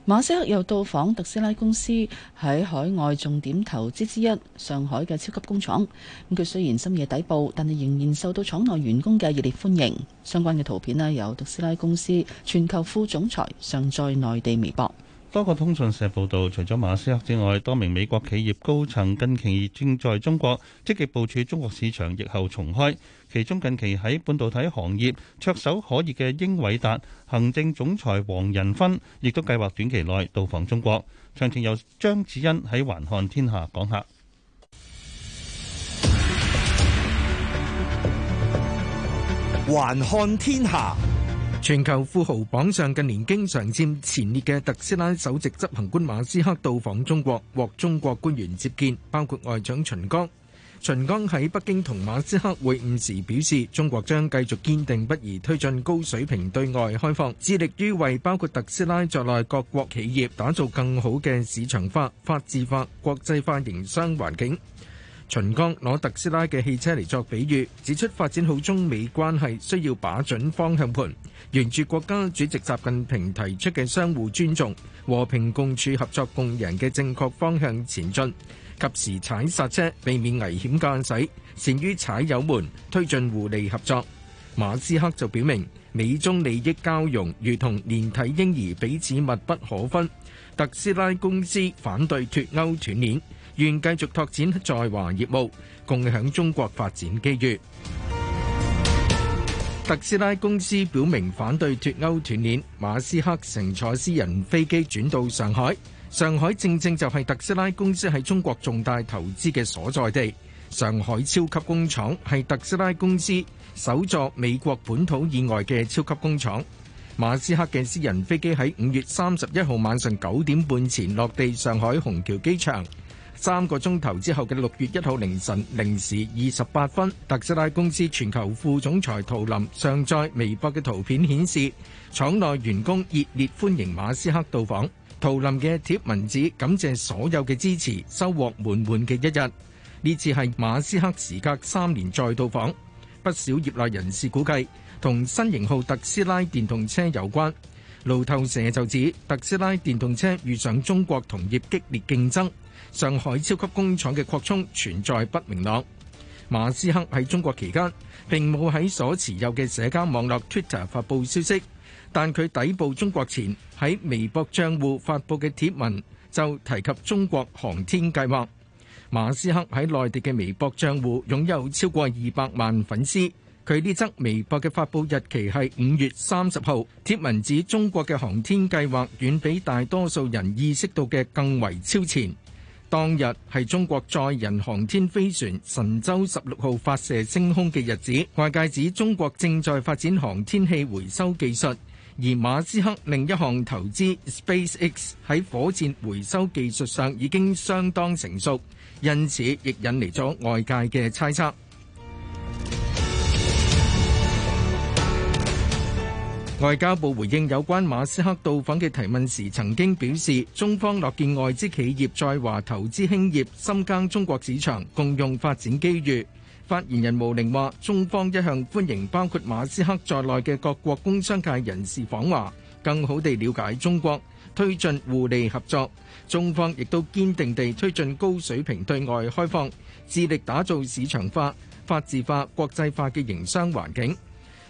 S3: 馬斯克又到訪特斯拉公司喺海外重點投資之一上海嘅超級工廠。咁佢雖然深夜抵埗，但係仍然受到廠內員工嘅熱烈歡迎。相關嘅圖片呢，由特斯拉公司全球副總裁上在內地微博。
S4: 多個通訊社報道，除咗馬斯克之外，多名美國企業高層近期正在中國積極部署中國市場疫後重開。其中近期喺半導體行業炙手可熱嘅英偉達，行政總裁黃仁勳亦都計劃短期內到訪中國。詳情由張子欣喺《環看天下》講下。環看天下。全
S8: 球富豪榜上近年經常佔前列嘅特斯拉首席執行官馬斯克到訪中國，獲中國官員接見，包括外長秦剛。秦剛喺北京同馬斯克會晤時表示，中國將繼續堅定不移推進高水平對外開放，致力於為包括特斯拉在內各國企業打造更好嘅市場化、法治化、國際化營商環境。秦剛攞特斯拉嘅汽車嚟作比喻，指出發展好中美關係需要把準方向盤，沿住國家主席習近平提出嘅相互尊重、和平共處、合作共贏嘅正確方向前進，及時踩煞車，避免危險駕駛，善於踩油門，推進互利合作。馬斯克就表明，美中利益交融如同連體嬰兒，彼此密不可分。特斯拉公司反對脫歐斷鏈。願繼續拓展在華業務，共享中國發展機遇。特斯拉公司表明反對脫歐斷鏈。馬斯克乘坐私人飛機轉到上海，上海正正就係特斯拉公司喺中國重大投資嘅所在地。上海超級工廠係特斯拉公司首座美國本土以外嘅超級工廠。馬斯克嘅私人飛機喺五月三十一號晚上九點半前落地上海虹橋機場。三個鐘頭之後嘅六月一號凌晨零時二十八分，特斯拉公司全球副總裁陶林上載微博嘅圖片，顯示廠內員工熱烈歡迎馬斯克到訪。陶林嘅貼文指感謝所有嘅支持，收穫滿滿嘅一日。呢次係馬斯克時隔三年再到訪，不少業內人士估計同新型號特斯拉電動車有關。路透社就指特斯拉電動車遇上中國同業激烈競爭。上海超級工廠嘅擴充存在不明朗。馬斯克喺中國期間，並冇喺所持有嘅社交網絡 Twitter 發布消息，但佢抵步中國前喺微博賬戶發布嘅貼文就提及中國航天計劃。馬斯克喺內地嘅微博賬戶擁有超過二百萬粉絲，佢呢則微博嘅發布日期係五月三十號，貼文指中國嘅航天計劃遠比大多數人意識到嘅更為超前。當日係中國載人航天飛船神舟十六號發射升空嘅日子，外界指中國正在發展航天器回收技術，而馬斯克另一項投資 SpaceX 喺火箭回收技術上已經相當成熟，因此亦引嚟咗外界嘅猜測。外交部回應有關馬斯克到訪嘅提問時，曾經表示，中方樂見外資企業在華投資興業、深耕中國市場、共用發展機遇。發言人毛寧話：中方一向歡迎包括馬斯克在內嘅各國工商界人士訪華，更好地了解中國，推進互利合作。中方亦都堅定地推進高水平對外開放，致力打造市場化、法治化、國際化嘅營商環境。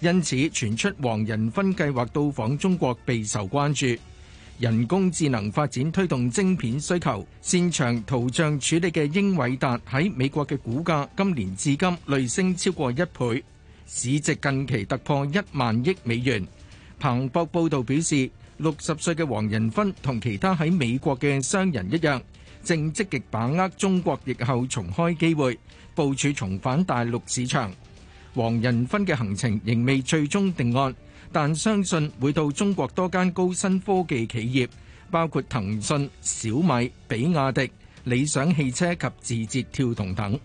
S8: 因此，傳出黃仁勳計劃到訪中國備受關注。人工智能發展推動晶片需求，擅長圖像處理嘅英偉達喺美國嘅股價今年至今累升超過一倍，市值近期突破一萬億美元。彭博報道表示，六十歲嘅黃仁勳同其他喺美國嘅商人一樣，正積極把握中國疫後重開機會，部署重返大陸市場。黃仁勳嘅行程仍未最終定案，但相信會到中國多間高新科技企業，包括騰訊、小米、比亞迪、理想汽車及字節跳動等。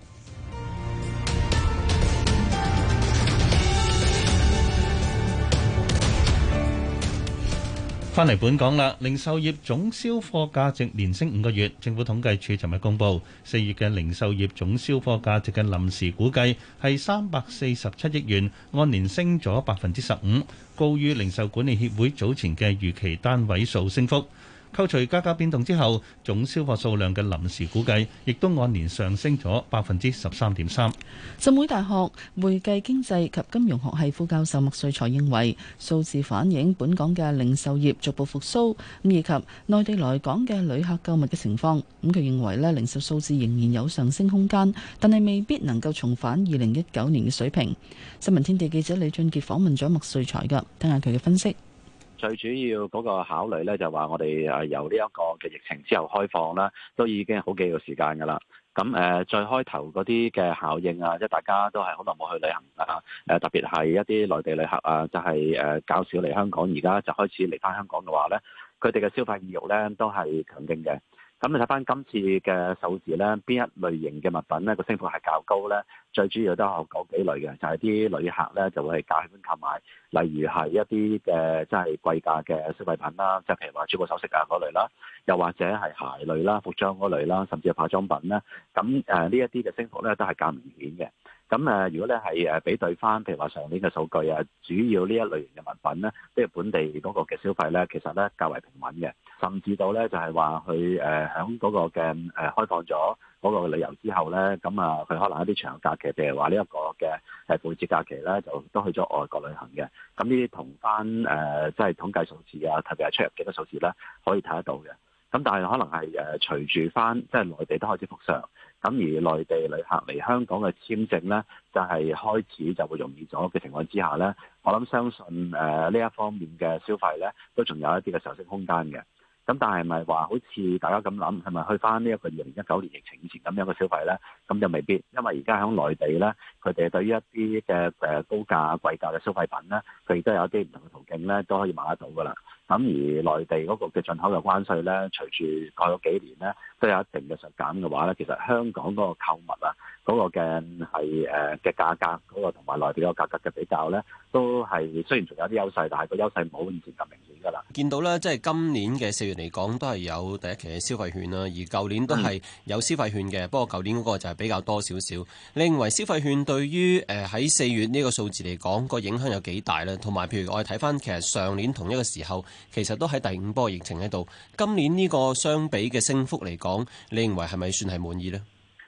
S4: 翻嚟本港啦，零售業總銷貨價值連升五個月。政府統計處尋日公布，四月嘅零售業總銷貨價值嘅臨時估計係三百四十七億元，按年升咗百分之十五，高於零售管理協會早前嘅預期單位數升幅。扣除價格變動之後，總銷貨數量嘅臨時估計，亦都按年上升咗百分之十三點三。
S3: 浸會大學會計經濟及金融學系副教授麥萃才認為，數字反映本港嘅零售業逐步復甦，咁以及內地來港嘅旅客購物嘅情況。咁佢認為咧，零售數字仍然有上升空間，但係未必能夠重返二零一九年嘅水平。新聞天地記者李俊傑訪問咗麥萃才，噉，聽下佢嘅分析。
S17: 最主要嗰個考慮呢，就話我哋誒由呢一個嘅疫情之後開放啦，都已經好幾個時間噶啦。咁誒，最開頭嗰啲嘅效應啊，即大家都係好耐冇去旅行啊，誒特別係一啲內地旅客啊，就係、是、誒較少嚟香港，而家就開始嚟返香港嘅話呢，佢哋嘅消費意欲呢都係強勁嘅。咁你睇翻今次嘅數字咧，邊一類型嘅物品咧個升幅係較高咧？最主要都係有幾類嘅，就係啲旅客咧就會較喜歡購買，例如係一啲嘅即係貴價嘅消費品啦，即係譬如話珠寶、首飾啊嗰類啦，又或者係鞋類啦、服裝嗰類啦，甚至係化妝品啦。咁誒呢一啲嘅升幅咧都係較明顯嘅。咁誒，如果咧係誒比對翻，譬如話上年嘅數據啊，主要呢一類型嘅物品咧，即係本地嗰個嘅消費咧，其實咧較為平穩嘅，甚至到咧就係話佢誒喺嗰個嘅誒開放咗嗰個旅遊之後咧，咁啊，佢可能一啲長假期，譬如話呢一個嘅誒節假期咧，就都去咗外國旅行嘅。咁呢啲同翻誒即係統計數字啊，特別係出入境嘅數字咧，可以睇得到嘅。咁但係可能係誒隨住翻即係內地都開始復常。咁而內地旅客嚟香港嘅簽證呢，就係、係、開始就會容易咗嘅情況之下呢。我諗相信誒呢、呃、一方面嘅消費呢，都仲有一啲嘅上升空間嘅。咁但係咪話好似大家咁諗，係咪去翻呢一個二零一九年疫情前咁樣嘅消費呢？咁就未必，因為而家喺內地呢，佢哋對於一啲嘅誒高價貴價嘅消費品呢，佢亦都有一啲唔同嘅途徑呢，都可以買得到噶啦。咁而內地嗰個嘅進口嘅關稅咧，隨住過咗幾年咧，都有一定嘅削減嘅話咧，其實香港嗰個購物啊，嗰、那個嘅係誒嘅價格嗰、那個同埋內地個價格嘅比較咧，都係雖然仲有啲優勢，但係個優勢冇以前咁明顯
S14: 㗎啦。見到咧，即係今年嘅四月嚟講，都係有第一期嘅消費券啦。而舊年都係有消費券嘅，嗯、不過舊年嗰個就係比較多少少。你認為消費券對於誒喺四月呢個數字嚟講、那個影響有幾大咧？同埋譬如我哋睇返其實上年同一個時候。其實都喺第五波疫情喺度，今年呢個相比嘅升幅嚟講，你認為係咪算係滿意呢？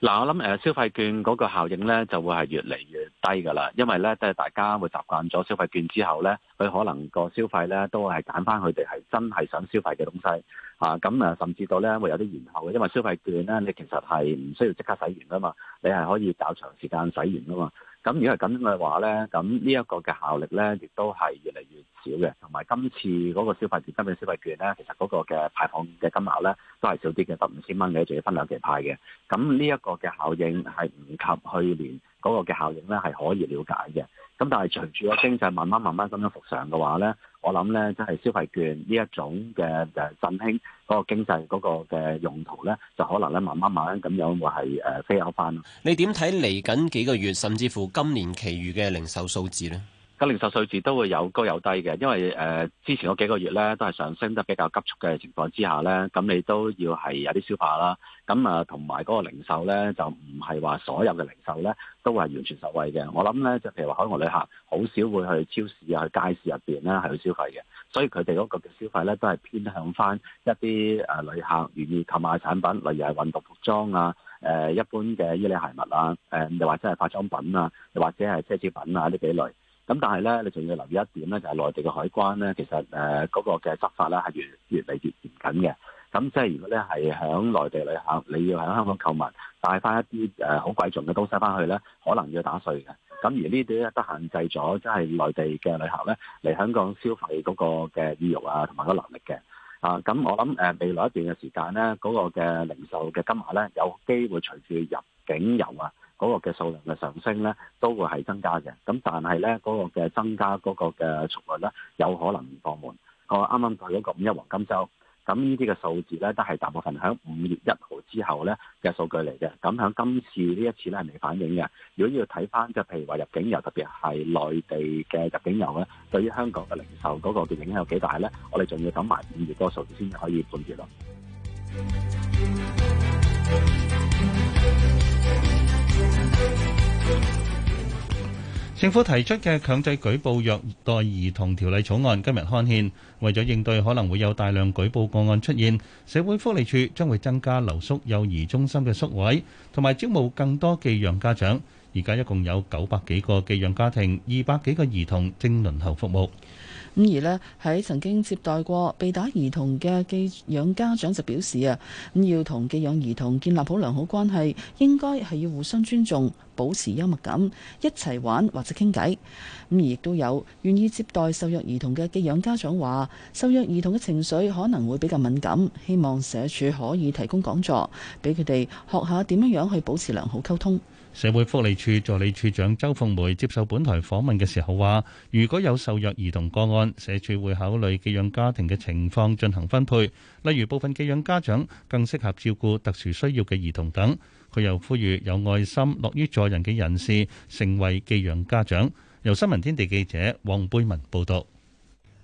S17: 嗱，我諗誒消費券嗰個效應呢就會係越嚟越低噶啦，因為呢，即係大家會習慣咗消費券之後呢，佢可能個消費呢都係揀翻佢哋係真係想消費嘅東西吓，咁誒甚至到呢，會有啲延後嘅，因為消費券呢，你其實係唔需要即刻使完噶嘛，你係可以較長時間使完噶嘛。咁如果係咁嘅話咧，咁呢一個嘅效力咧，亦都係越嚟越少嘅。同埋今次嗰個消費券特別消費券咧，其實嗰個嘅排放嘅金額咧，都係少啲嘅，就五千蚊嘅，仲要分兩期派嘅。咁呢一個嘅效應係唔及去年。嗰個嘅效應咧係可以了解嘅，咁但係隨住個經濟慢慢慢慢咁樣復常嘅話咧，我諗咧即係消費券呢一種嘅誒振興嗰個經濟嗰個嘅用途咧，就可能咧慢慢慢慢咁樣會
S14: 係誒飛走翻。你點睇嚟緊幾個月，甚至乎今年其餘嘅零售數字咧？
S17: 咁零售數字都會有高有低嘅，因為誒、呃、之前嗰幾個月咧都係上升得比較急促嘅情況之下咧，咁你都要係有啲消化啦。咁啊同埋嗰個零售咧就唔係話所有嘅零售咧都係完全受惠嘅。我諗咧就譬如話海外旅客好少會去超市啊、去街市入邊咧係去消費嘅，所以佢哋嗰個嘅消費咧都係偏向翻一啲誒旅客願意購買產品，例如係運動服裝啊、誒、呃、一般嘅衣履鞋物啊、誒、呃、又或者係化妝品啊，又或者係奢侈品啊呢幾類。咁但係咧，你仲要留意一點咧，就係內地嘅海關咧，其實誒嗰個嘅執法咧係越越嚟越嚴謹嘅。咁即係如果咧係喺內地旅行，你要喺香港購物，帶翻一啲誒好貴重嘅東西翻去咧，可能要打稅嘅。咁而呢啲咧得限制咗，即係內地嘅旅客咧嚟香港消費嗰個嘅意欲啊，同埋個能力嘅。啊，咁我諗誒未來一段嘅時間咧，嗰個嘅零售嘅金額咧，有機會隨住入境遊啊。嗰個嘅數量嘅上升咧，都會係增加嘅。咁但係咧，嗰個嘅增加嗰個嘅速率咧，有可能唔過門。我啱啱睇咗個五一黃金週，咁呢啲嘅數字咧，都係大部分喺五月一號之後咧嘅數據嚟嘅。咁喺今次呢一次咧，係未反映嘅。如果要睇翻即係，譬如話入境遊，特別係內地嘅入境遊咧，對於香港嘅零售嗰個嘅影響有幾大咧？我哋仲要等埋五
S4: 月個數字先至可以判斷咯。政府提出嘅強制舉報虐待兒童條例草案今日刊憲，為咗應對可能會有大量舉報個案出現，社會福利署將會增加留宿幼兒中心嘅宿位，同埋招募更多寄養家長。而家一共有九百幾個寄養家庭，二百幾個兒童正輪候服務。
S3: 咁而呢，喺曾經接待過被打兒童嘅寄養家長就表示啊，咁要同寄養兒童建立好良好關係，應該係要互相尊重，保持幽默感，一齊玩或者傾偈。咁而亦都有願意接待受虐兒童嘅寄養家長話，受虐兒童嘅情緒可能會比較敏感，希望社署可以提供講座，俾佢哋學下點樣樣去保持良好溝通。
S4: 社會福利署助理署長周鳳梅接受本台訪問嘅時候話，如果有受虐兒童個案，社署會考慮寄養家庭嘅情況進行分配，例如部分寄養家長更適合照顧特殊需要嘅兒童等。佢又呼籲有愛心、樂於助人嘅人士成為寄養家長。由新聞天地記者黃貝文報道。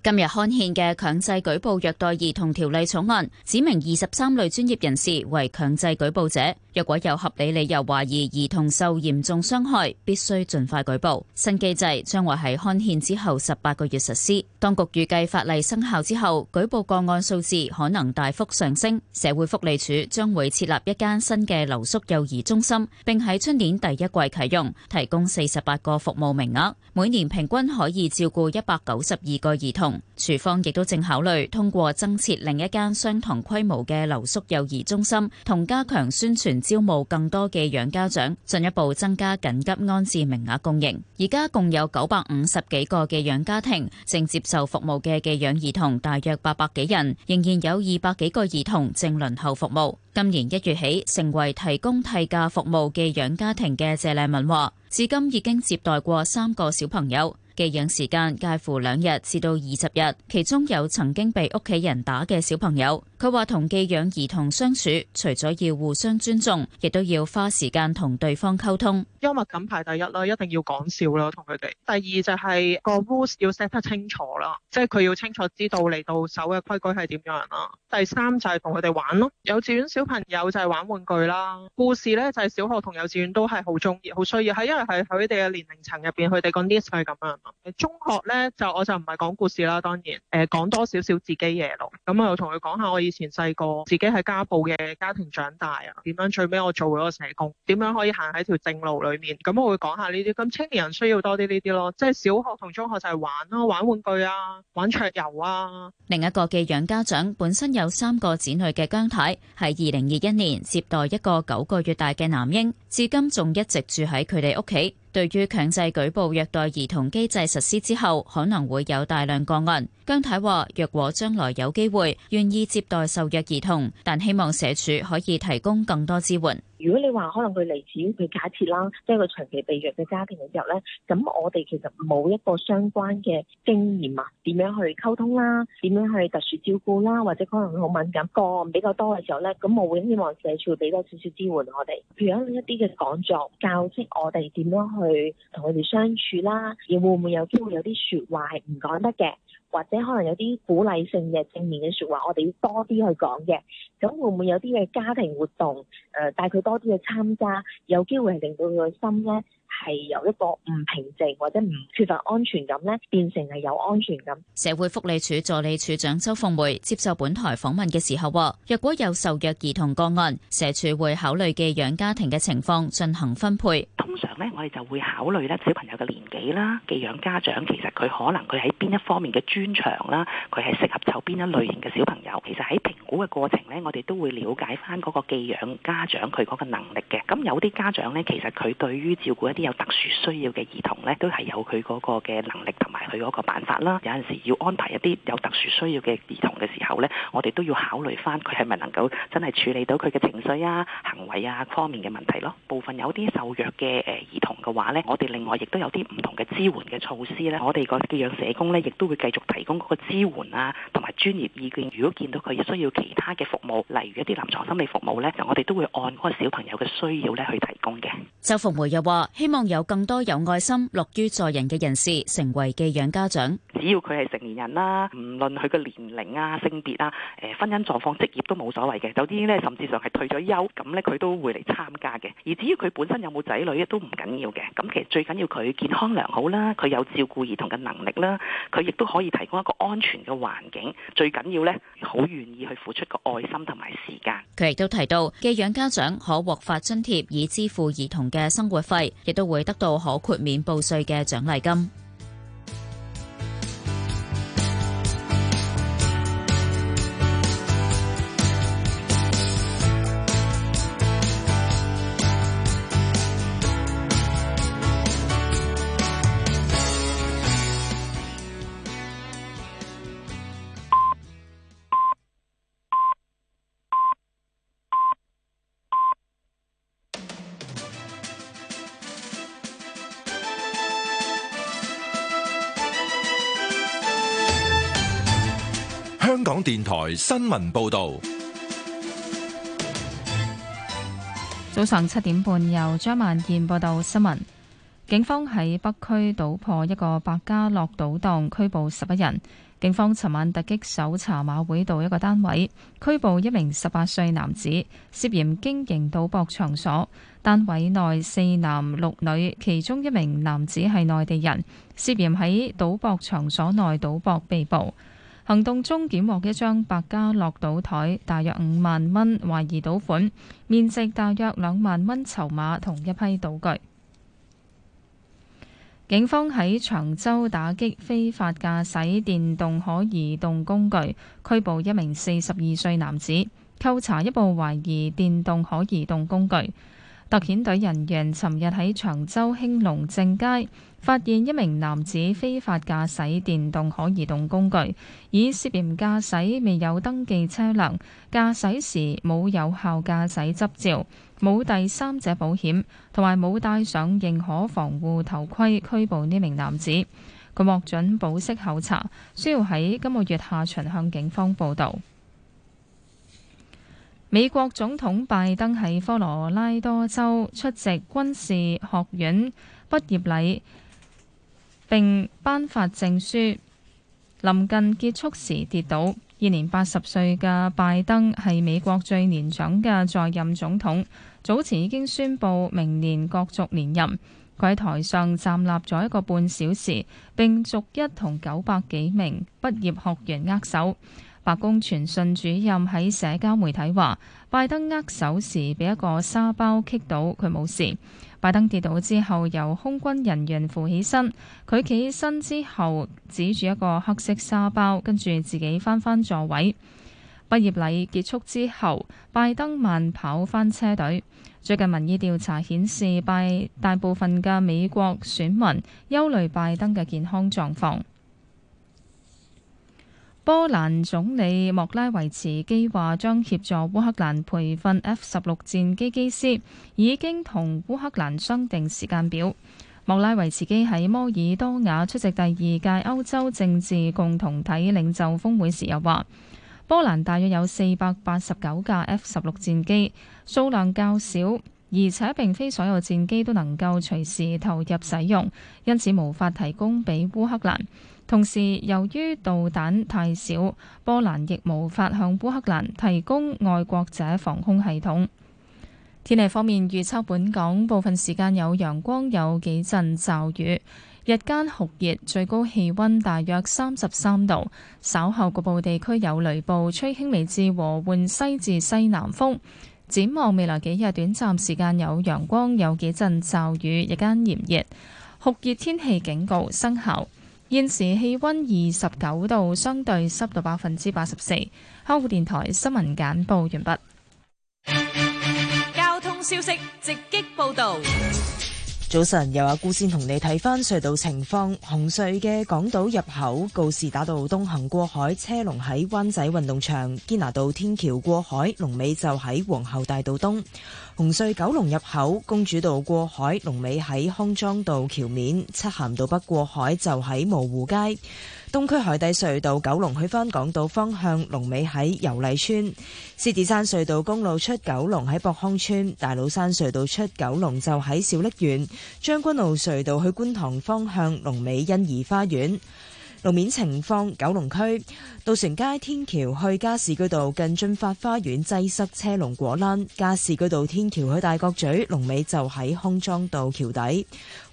S11: 今日刊憲嘅強制舉報虐待兒童條例草案，指明二十三類專業人士為強制舉報者。若果有合理理由懷疑兒童受嚴重傷害，必須盡快舉報。新機制將會喺刊憲之後十八個月實施。當局預計法例生效之後，舉報個案數字可能大幅上升。社會福利署將會設立一間新嘅留宿幼兒中心，並喺春年第一季啟用，提供四十八個服務名額，每年平均可以照顧一百九十二個兒童。署方亦都正考慮通過增設另一間相同規模嘅留宿幼兒中心，同加強宣傳。招募更多寄養家長，進一步增加緊急安置名額供應。而家共有九百五十幾個寄養家庭，正接受服務嘅寄養兒童大約八百幾人，仍然有二百幾個兒童正輪候服務。今年一月起成為提供替價服務寄養家庭嘅謝麗文話，至今已經接待過三個小朋友。寄養時間介乎兩日至到二十日，其中有曾經被屋企人打嘅小朋友。佢話同寄養兒童相處，除咗要互相尊重，亦都要花時間同對方溝通。
S16: 幽默感排第一啦，一定要講笑啦，同佢哋。第二就係、是、個 rules 要 set 得清楚啦，即係佢要清楚知道嚟到守嘅規矩係點樣啦。第三就係同佢哋玩咯，幼稚園小朋友就係玩玩具啦，故事咧就係小學同幼稚園都係好中意、好需要，係因為係佢哋嘅年齡層入邊，佢哋個 needs 係咁啊。中學咧就我就唔係講故事啦，當然誒講多少少自己嘢咯。咁我又同佢講下我以前細個自己喺家暴嘅家庭長大啊，點樣最尾我做咗個社工，點樣可以行喺條正路裏面。咁我會講下呢啲。咁青年人需要多啲呢啲咯，即係小學同中學就係玩咯，玩玩具啊，玩桌遊啊。
S11: 另一個寄養家長本身有三個子女嘅姜太係二零二一年接待一個九個月大嘅男嬰，至今仲一直住喺佢哋屋企。對於強制舉報虐待兒童機制實施之後，可能會有大量個案。姜太話：若果將來有機會，願意接待受虐兒童，但希望社署可以提供更多支援。如果你
S13: 話可能佢嚟自於佢假設啦，即係佢長期被虐嘅家庭嘅時候咧，咁我哋其實冇一個相關嘅經驗啊，點樣去溝通啦，點樣去特殊照顧啦，或者可能會好敏感，個案比較多嘅時候咧，咁我會希望社署俾多少少支援我哋，譬如一啲嘅講座，教識我哋點樣去同佢哋相處啦，又會唔會有機會有啲説話係唔講得嘅？或者可能有啲鼓勵性嘅正面嘅説話，我哋要多啲去講嘅。咁會唔會有啲嘅家庭活動，誒帶佢多啲去參加，有機會係令到佢開心咧？係由一個唔平靜或者唔缺乏安全感咧，變成係有安全感。
S11: 社會福利署助理署長周鳳梅接受本台訪問嘅時候話，若果有受虐兒童個案，社署會考慮寄養家庭嘅情況進行分配。
S18: 通常呢，我哋就會考慮咧小朋友嘅年紀
S11: 啦，寄養
S18: 家長其實佢可能佢喺邊一方面嘅專長啦，佢係適合湊邊一類型嘅小朋友。其實喺評估嘅過程呢，我哋都會了解翻嗰個寄養家長佢嗰個能力嘅。咁有啲家長呢，其實佢對於照顧一啲人特殊需要嘅兒童呢，都係有佢嗰個嘅能力同埋佢嗰個辦法啦。有陣時要安排一啲有特殊需要嘅兒童嘅時候呢，我哋都要考慮翻佢係咪能夠真係處理到佢嘅情緒啊、行為啊方面嘅問題咯。部分有啲受虐嘅誒兒童嘅話呢，我哋另外亦都有啲唔同嘅支援嘅措施呢，我哋個寄養社工呢，亦都會繼續提供嗰個支援啊，同埋專業意見。如果見到佢需要其他嘅服務，例如一啲臨床心理服務咧，我哋都會按嗰個小朋友嘅需要呢去提供嘅。
S11: 周鳳梅又話，希望。有更多有愛心、樂於助人嘅人士成為寄養家長。
S18: 只要佢係成年人啦，唔論佢個年齡啊、性別啊、誒婚姻狀況、職業都冇所謂嘅。有啲咧，甚至上係退咗休，咁呢佢都會嚟參加嘅。而至於佢本身有冇仔女亦都唔緊要嘅。咁其實最緊要佢健康良好啦，佢有照顧兒童嘅能力啦，佢亦都可以提供一個安全嘅環境。最緊要呢，好願意去付出個愛心同埋時間。
S11: 佢亦都提到，寄養家長可獲發津貼以支付兒童嘅生活費，亦都。會得到可豁免報稅嘅獎勵金。
S1: 電台新聞報道：
S2: 早上七點半，由張萬健報道新聞。警方喺北區搗破一個百家樂賭檔，拘捕十一人。警方尋晚突擊搜查馬會道一個單位，拘捕一名十八歲男子，涉嫌經營賭博場所。單位內四男六女，其中一名男子係內地人，涉嫌喺賭博場所內賭博被捕。行動中，檢獲一張百家樂賭枱，大約五萬蚊懷疑賭款，面值大約兩萬蚊籌碼同一批賭具。警方喺長洲打擊非法駕駛電動可移動工具，拘捕一名四十二歲男子，扣查一部懷疑電動可移動工具。特遣隊人員尋日喺長洲興隆正街發現一名男子非法駕駛電動可移動工具，以涉嫌駕駛未有登記車輛、駕駛時冇有效駕駛執照、冇第三者保險同埋冇戴上認可防護頭盔拘捕呢名男子。佢獲准保釋候查，需要喺今個月下旬向警方報到。美國總統拜登喺科羅拉多州出席軍事學院畢業禮，並頒發證書。臨近結束時跌倒，現年八十歲嘅拜登係美國最年長嘅在任總統。早前已經宣布明年角逐連任。佢喺台上站立咗一個半小時，並逐一同九百幾名畢業學員握手。白宮傳訊主任喺社交媒體話，拜登握手時俾一個沙包棘到，佢冇事。拜登跌倒之後由空軍人員扶起身，佢企身之後指住一個黑色沙包，跟住自己翻返座位。畢業禮結束之後，拜登慢跑翻車隊。最近民意調查顯示，拜大部分嘅美國選民憂慮拜登嘅健康狀況。波蘭總理莫拉維茨基話將協助烏克蘭培訓 F 十六戰機機師，已經同烏克蘭商定時間表。莫拉維茨基喺摩爾多瓦出席第二屆歐洲政治共同體領袖峰會時又話，波蘭大約有四百八十九架 F 十六戰機，數量較少，而且並非所有戰機都能夠隨時投入使用，因此無法提供俾烏克蘭。同時，由於導彈太少，波蘭亦無法向烏克蘭提供愛國者防空系統。天氣方面，預測，本港部分時間有陽光，有幾陣驟雨，日間酷熱，最高氣温大約三十三度。稍後局部地區有雷暴，吹輕微至和緩西至西南風。展望未來幾日，短暫時間有陽光，有幾陣驟雨，日間炎熱，酷熱天氣警告生效。現時氣温二十九度，相對濕度百分之八十四。香港電台新聞簡報完畢。
S12: 交通消息直擊報道。
S13: 早晨，有阿顧先
S2: 同你睇返隧道情況。紅
S13: 隧嘅港島入口告士打道東行過海，車龍喺灣仔運動場堅拿道天橋過海，龍尾就喺皇后大道東。紅隧九龍入口公主道過海，龍尾喺康莊道橋面；漆咸道北過海就喺蕪湖街。東區海底隧道九龍去返港島方向，龍尾喺油麗邨；獅子山隧道公路出九龍喺博康村；大老山隧道出九龍就喺小瀝源；將軍澳隧道去觀塘方向，龍尾欣怡花園。路面情況，九龍區渡船街天橋去加士居道近俊發花園擠塞車龍果欄，加士居道天橋去大角咀龍尾就喺康莊道橋底，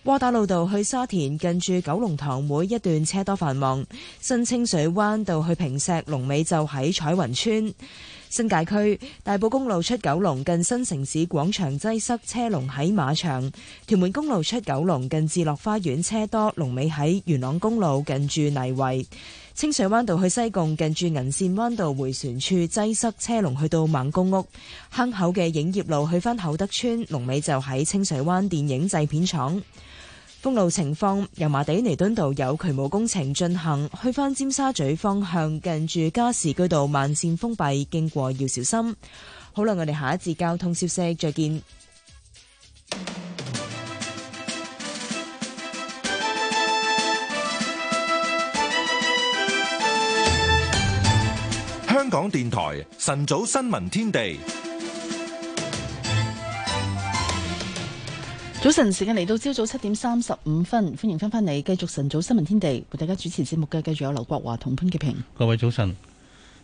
S13: 窩打老道去沙田近住九龍塘會一段車多繁忙，新清水灣道去坪石龍尾就喺彩雲村。新界區大埔公路出九龍近新城市廣場擠塞車龍喺馬場，屯門公路出九龍近置樂花園車多，龍尾喺元朗公路近住泥圍。清水灣道去西貢近住銀線灣道回旋處擠塞車龍去到孟公屋，坑口嘅影業路去返厚德村，龍尾就喺清水灣電影製片廠。公路情況，油麻地彌敦道有渠務工程進行，去翻尖沙咀方向近住加士居道慢線封閉，經過要小心。好啦，我哋下一節交通消息再見。
S1: 香港電台晨早新聞天地。
S3: 早晨時間嚟到，朝早七點三十五分，歡迎翻返嚟繼續晨早新聞天地，為大家主持節目嘅，繼續有劉國華同潘潔平。
S4: 各位早晨。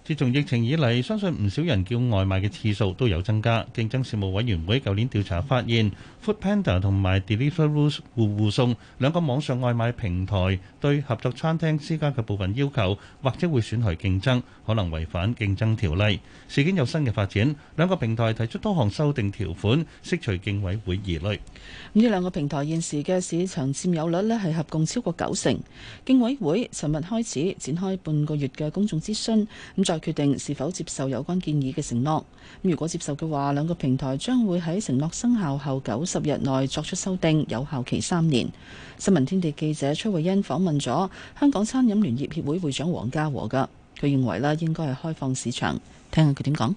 S4: 自從疫情以嚟，相信唔少人叫外賣嘅次數都有增加。競爭事務委員會舊年調查發現，Foodpanda 同埋 Deliveroo 戶戶送兩個網上外賣平台對合作餐廳施加嘅部分要求，或者會損害競爭，可能違反競爭條例。事件有新嘅發展，兩個平台提出多項修訂條款，釋除競委會疑慮。
S3: 咁呢兩個平台現時嘅市場佔有率咧，係合共超過九成。競委會尋日開始展開半個月嘅公眾諮詢。咁在再決定是否接受有關建議嘅承諾。如果接受嘅話，兩個平台將會喺承諾生效後九十日內作出修訂，有效期三年。新聞天地記者崔慧欣訪問咗香港餐飲聯業協會會長黃家和，噶佢認為呢應該係開放市場，聽下佢點講。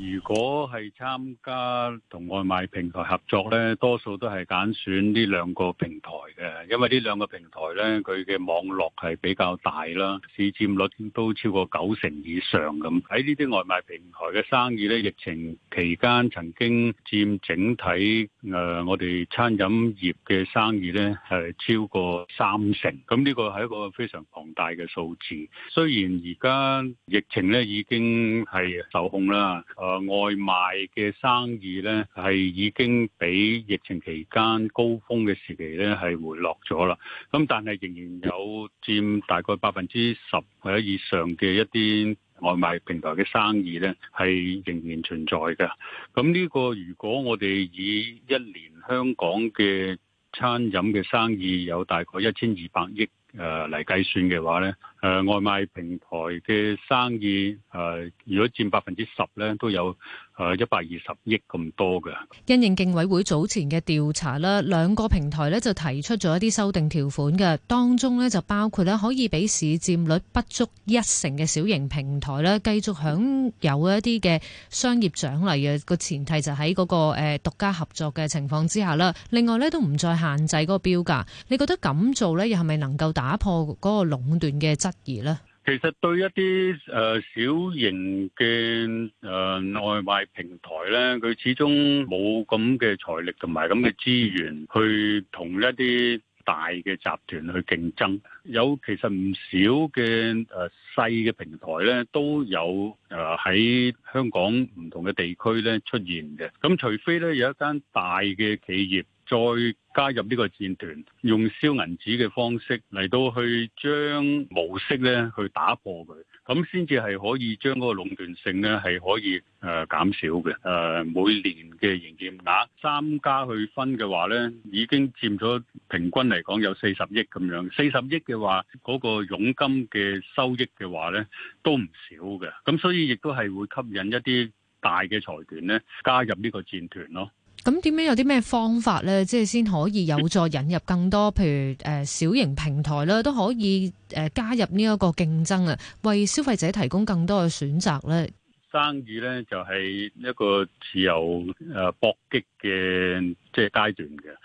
S10: 如果係參加同外賣平台合作呢，多數都係揀選呢兩個平台嘅，因為呢兩個平台呢，佢嘅網絡係比較大啦，市佔率都超過九成以上咁。喺呢啲外賣平台嘅生意呢，疫情期間曾經佔整體誒、呃、我哋餐飲業嘅生意呢，係、呃、超過三成，咁呢個係一個非常龐大嘅數字。雖然而家疫情呢已經係受控啦。呃外賣嘅生意呢，係已經比疫情期間高峰嘅時期呢，係回落咗啦。咁但係仍然有佔大概百分之十或者以上嘅一啲外賣平台嘅生意呢，係仍然存在嘅。咁呢個如果我哋以一年香港嘅餐飲嘅生意有大概一千二百億，誒，嚟計、呃、算嘅話咧，誒、呃，外賣平台嘅生意誒、呃，如果佔百分之十咧，都有。誒一百二十億咁多嘅，
S12: 因應競委會早前嘅調查啦，兩個平台呢就提出咗一啲修訂條款嘅，當中呢，就包括呢可以俾市佔率不足一成嘅小型平台呢，繼續享有一啲嘅商業獎勵嘅，個前提就喺嗰個誒獨家合作嘅情況之下啦。另外呢，都唔再限制嗰個標價，你覺得咁做呢，又係咪能夠打破嗰個壟斷嘅質疑呢？
S10: 其實對一啲誒、呃、小型嘅誒、呃、外賣平台咧，佢始終冇咁嘅財力同埋咁嘅資源去同一啲大嘅集團去競爭。有其實唔少嘅誒細嘅平台咧，都有誒喺、呃、香港唔同嘅地區咧出現嘅。咁除非咧有一間大嘅企業，再加入呢個戰團，用燒銀紙嘅方式嚟到去將模式咧去打破佢，咁先至係可以將嗰個壟斷性咧係可以誒減少嘅。誒每年嘅營業額三家去分嘅話咧，已經佔咗平均嚟講有四十億咁樣，四十億嘅話嗰個佣金嘅收益嘅話咧都唔少嘅。咁所以亦都係會吸引一啲大嘅財團咧加入呢個戰團咯。
S12: 咁點樣有啲咩方法咧？即係先可以有助引入更多，譬如誒小型平台啦，都可以誒加入呢一個競爭啊，為消費者提供更多嘅選擇咧。
S10: 生意咧就係一個自由誒搏擊嘅即係階段嘅，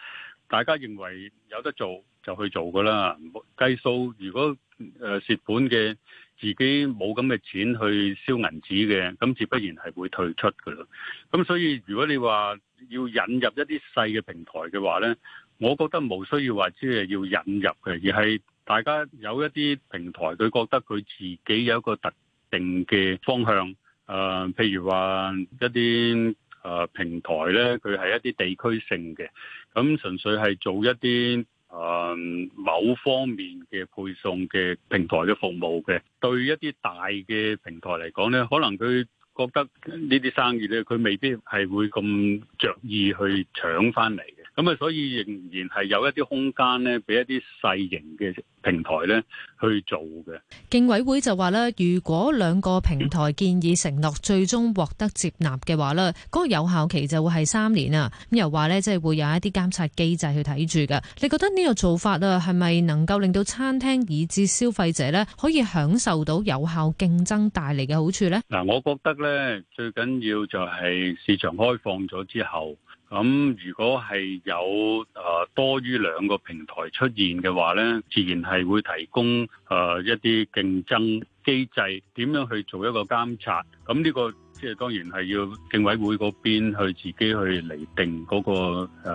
S10: 大家認為有得做就去做㗎啦，計數如果誒蝕本嘅。自己冇咁嘅錢去燒銀紙嘅，咁自不然係會退出噶啦。咁所以如果你話要引入一啲細嘅平台嘅話呢，我覺得冇需要話即係要引入嘅，而係大家有一啲平台佢覺得佢自己有一個特定嘅方向。誒、呃，譬如話一啲誒、呃、平台呢，佢係一啲地區性嘅，咁純粹係做一啲。誒、嗯，某方面嘅配送嘅平台嘅服務嘅，對一啲大嘅平台嚟講咧，可能佢覺得呢啲生意咧，佢未必係會咁着意去搶翻嚟嘅。咁啊，所以仍然係有一啲空間咧，俾一啲細型嘅平台咧去做嘅。
S12: 競委會就話咧，如果兩個平台建議承諾最終獲得接納嘅話咧，嗰個有效期就會係三年啊。咁又話咧，即係會有一啲監察機制去睇住嘅。你覺得呢個做法啊，係咪能夠令到餐廳以至消費者咧可以享受到有效競爭帶嚟嘅好處咧？
S10: 嗱，我覺得咧，最緊要就係市場開放咗之後。咁、嗯、如果係有誒、呃、多於兩個平台出現嘅話咧，自然係會提供誒、呃、一啲競爭機制，點樣去做一個監察？咁、嗯、呢、這個即係當然係要競委會嗰邊去自己去嚟定嗰、那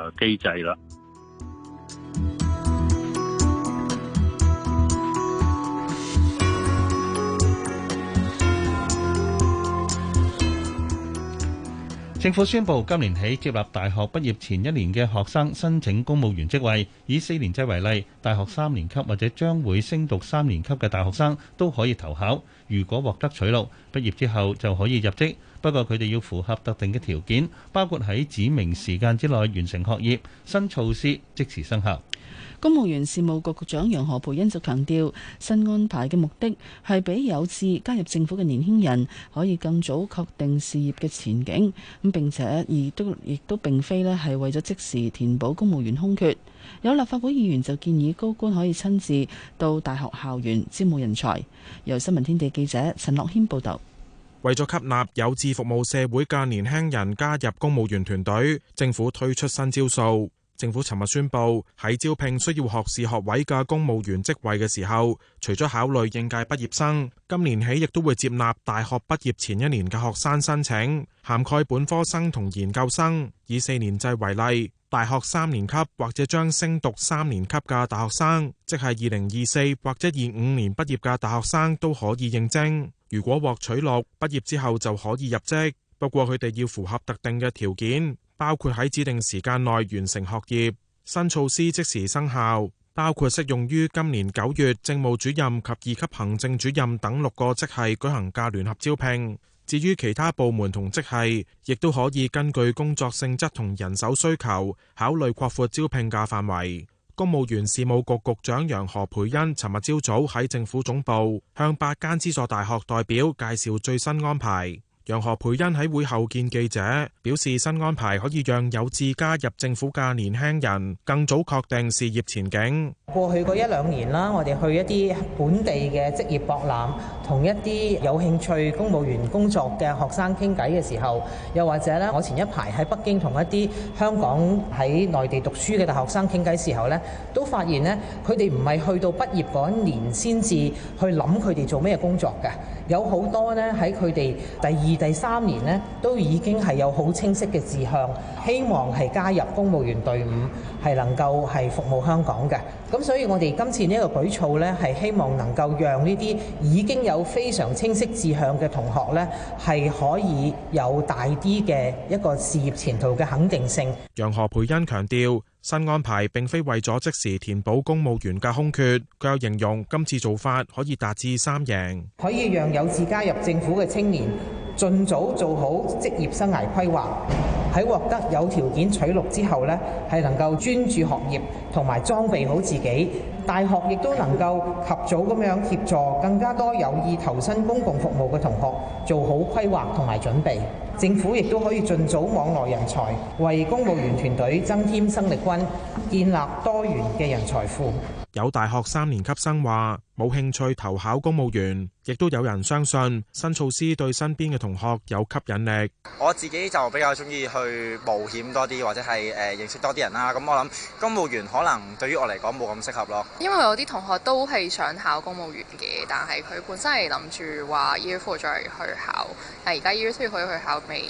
S10: 個誒機、呃、制啦。
S4: 政府宣布，今年起接納大學畢業前一年嘅學生申請公務員職位。以四年制為例，大學三年級或者將會升讀三年級嘅大學生都可以投考。如果獲得取錄，畢業之後就可以入職。不過佢哋要符合特定嘅條件，包括喺指明時間之內完成學業。新措施即時生效。
S3: 公務員事務局局長楊何培恩就強調，新安排嘅目的係俾有志加入政府嘅年輕人可以更早確定事業嘅前景。咁並且亦都亦都並非咧係為咗即時填補公務員空缺。有立法會議員就建議高官可以親自到大學校園招募人才。由新聞天地記者陳樂軒報導。
S15: 為咗吸納有志服務社會嘅年輕人加入公務員團隊，政府推出新招數。政府尋日宣布，喺招聘需要學士學位嘅公務員職位嘅時候，除咗考慮應屆畢業生，今年起亦都會接納大學畢業前一年嘅學生申請，涵蓋本科生同研究生。以四年制為例，大學三年級或者將升讀三年級嘅大學生，即係二零二四或者二五年畢業嘅大學生，都可以應徵。如果獲取錄，畢業之後就可以入職。不過佢哋要符合特定嘅條件。包括喺指定時間內完成學業，新措施即時生效，包括適用於今年九月政務主任及二級行政主任等六個職系舉行嘅聯合招聘。至於其他部門同職系，亦都可以根據工作性質同人手需求，考慮擴闊招聘嘅範圍，公務員事務局局局長楊何蓓茵尋日朝早喺政府總部向八間資助大學代表介紹最新安排。楊何蓓茵喺會後見記者，表示新安排可以讓有志加入政府嘅年輕人更早確定事業前景。
S16: 過去嗰一兩年啦，我哋去一啲本地嘅職業博覽，同一啲有興趣公務員工作嘅學生傾偈嘅時候，又或者咧，我前一排喺北京同一啲香港喺內地讀書嘅大學生傾偈時候咧，都發現咧，佢哋唔係去到畢業嗰一年先至去諗佢哋做咩工作嘅，有好多咧喺佢哋第二。第三年呢，都已經係有好清晰嘅志向，希望係加入公務員隊伍，係能夠係服務香港嘅。咁所以，我哋今次呢個舉措呢，係希望能夠讓呢啲已經有非常清晰志向嘅同學呢，係可以有大啲嘅一個事業前途嘅肯定性。
S15: 楊何培恩強調，新安排並非為咗即時填補公務員嘅空缺。佢又形容今次做法可以達至三贏，
S16: 可以讓有志加入政府嘅青年。盡早做好職業生涯規劃，喺獲得有條件取錄之後呢，係能夠專注學業同埋裝備好自己。大學亦都能夠及早咁樣協助更加多有意投身公共服務嘅同學，做好規劃同埋準備。政府亦都可以盡早網羅人才，為公務員團隊增添生力軍，建立多元嘅人才庫。
S15: 有大學三年級生話冇興趣投考公務員，亦都有人相信新措施對身邊嘅同學有吸引力。
S14: 我自己就比較鍾意去冒險多啲，或者係誒認識多啲人啦。咁我諗公務員可能對於我嚟講冇咁適合咯。
S2: 因為我啲同學都係想考公務員嘅，但係佢本身係諗住話 Year Four 再去考，但係
S14: 而家 Year Two 可以去考。未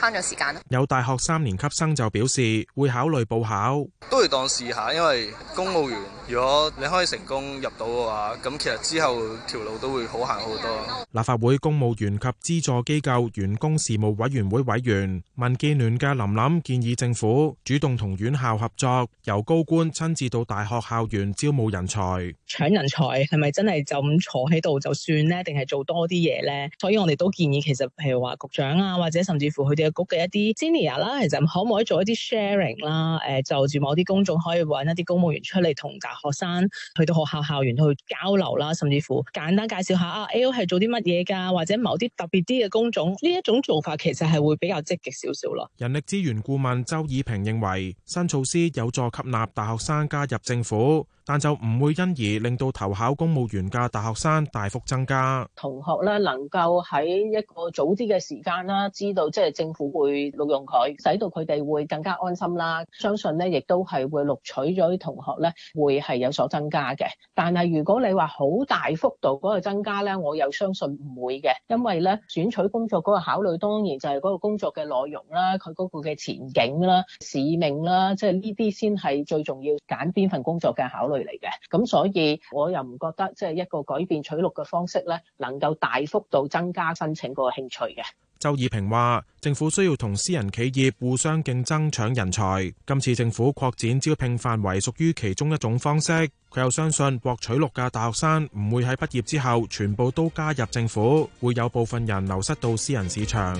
S14: 慳咗時間，
S15: 有大學三年級生就表示會考慮報考，
S14: 都係當試下，因為公務員。如果你可以成功入到嘅
S5: 話，咁其實之後條路都會好行好多。
S15: 立法會公務員及資助機構員工事務委員會委員民建聯嘅林琳建議政府主動同院校合作，由高官親自到大學校園招募人才。搶人
S13: 才係咪真係就咁坐喺度就算咧？定係做多啲嘢咧？所以我哋都建議其實譬如話局長啊，或者甚至乎佢哋嘅局嘅一啲 senior 啦，其實可唔可以做一啲 sharing 啦？誒就住某啲公眾可以揾一啲公務員出嚟同大學生去到學校校園去交流啦，甚至乎簡單介紹下啊，AO 係做啲乜嘢噶，或者某啲特別啲嘅工種，呢一種做法其實係會比較積極少少咯。
S15: 人力資源顧問周以平認為，新措施有助吸納大學生加入政府。但就唔會因而令到投考公務員嘅大學生大幅增加。同
S3: 學咧能夠喺一個早啲嘅時間啦，知道即係政府會錄用佢，使到佢哋會更加安心啦。相信咧亦都係會錄取咗啲同學咧，會係有所增加嘅。但係如果你話好大幅度嗰個增加咧，我又相信唔會嘅，因為咧選取工作嗰個考慮，當然就係嗰個工作嘅內容啦、佢嗰個嘅前景啦、使命啦，即係呢啲先係最重要揀邊份工作嘅考慮。嚟嘅，咁所以我又唔覺得即係一個改變取錄嘅方式咧，能夠大幅度增加申請嗰個興趣嘅。
S15: 周以平話，政府需要同私人企業互相競爭搶人才。今次政府擴展招聘範圍屬於其中一種方式。佢又相信獲取錄嘅大學生唔會喺畢業之後全部都加入政府，會有部分人流失到私人市場。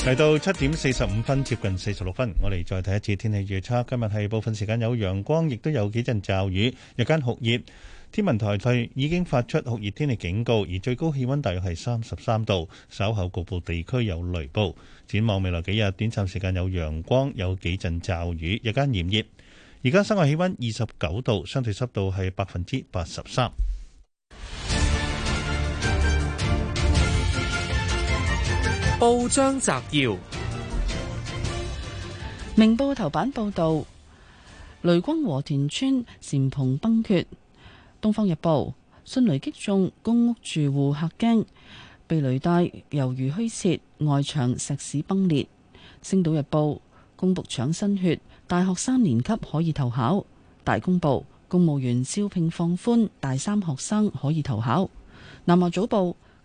S4: 嚟到七點四十五分，接近四十六分，我哋再睇一次天氣預測。今日係部分時間有陽光，亦都有幾陣驟雨，日間酷熱。天文台退已經發出酷熱天氣警告，而最高氣溫大約係三十三度。稍後局部地區有雷暴。展望未來幾日，短暫時間有陽光，有幾陣驟雨，日間炎熱。而家室外氣溫二十九度，相對濕度係百分之八十三。報章摘要：
S3: 明報頭版報道：雷光和田村禪蓬崩缺。東方日報：迅雷擊中公屋住戶客驚，避雷帶猶如虛設，外牆石屎崩裂。星島日報：公僕搶新血，大學三年級可以投考。大公報：公務員招聘放寬，大三學生可以投考。南華早報。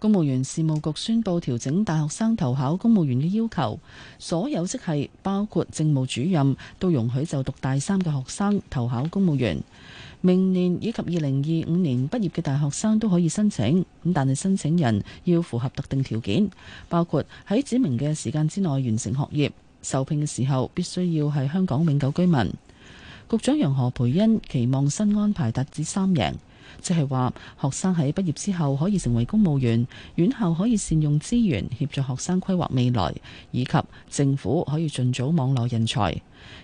S3: 公務員事務局宣布調整大學生投考公務員嘅要求，所有職系包括政務主任都容許就讀大三嘅學生投考公務員，明年以及二零二五年畢業嘅大學生都可以申請。但係申請人要符合特定條件，包括喺指明嘅時間之內完成學業，受聘嘅時候必須要係香港永久居民。局長楊何蓓茵期望新安排達至三贏。即係話學生喺畢業之後可以成為公務員，院校可以善用資源協助學生規劃未來，以及政府可以儘早網羅人才。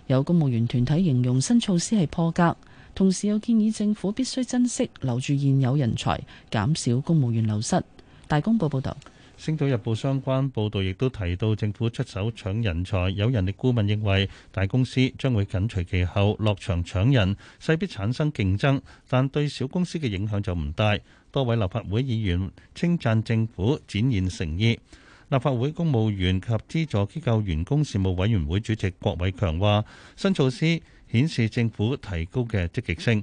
S3: 有公務員團體形容新措施係破格，同時又建議政府必須珍惜留住現有人才，減少公務員流失。大公報報道。
S4: 《星島日報》相關報導亦都提到政府出手搶人才，有人力顧問認為大公司將會緊隨其後落場搶人，勢必產生競爭，但對小公司嘅影響就唔大。多位立法會議員稱讚政府展現誠意。立法會公務員及資助機構員工事務委員會主席郭偉強話：新措施顯示政府提高嘅積極性。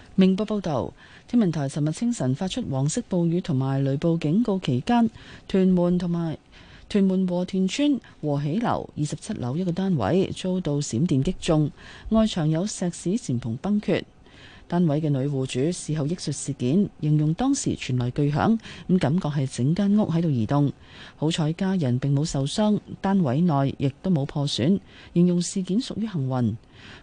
S3: 明報報導，天文台尋日清晨發出黃色暴雨同埋雷暴警告期間，屯門同埋屯門和田村和喜樓二十七樓一個單位遭到閃電擊中，外牆有石屎前棚崩缺。單位嘅女戶主事後憶述事件，形容當時傳來巨響，咁感覺係整間屋喺度移動。好彩家人並冇受傷，單位內亦都冇破損，形容事件屬於幸運。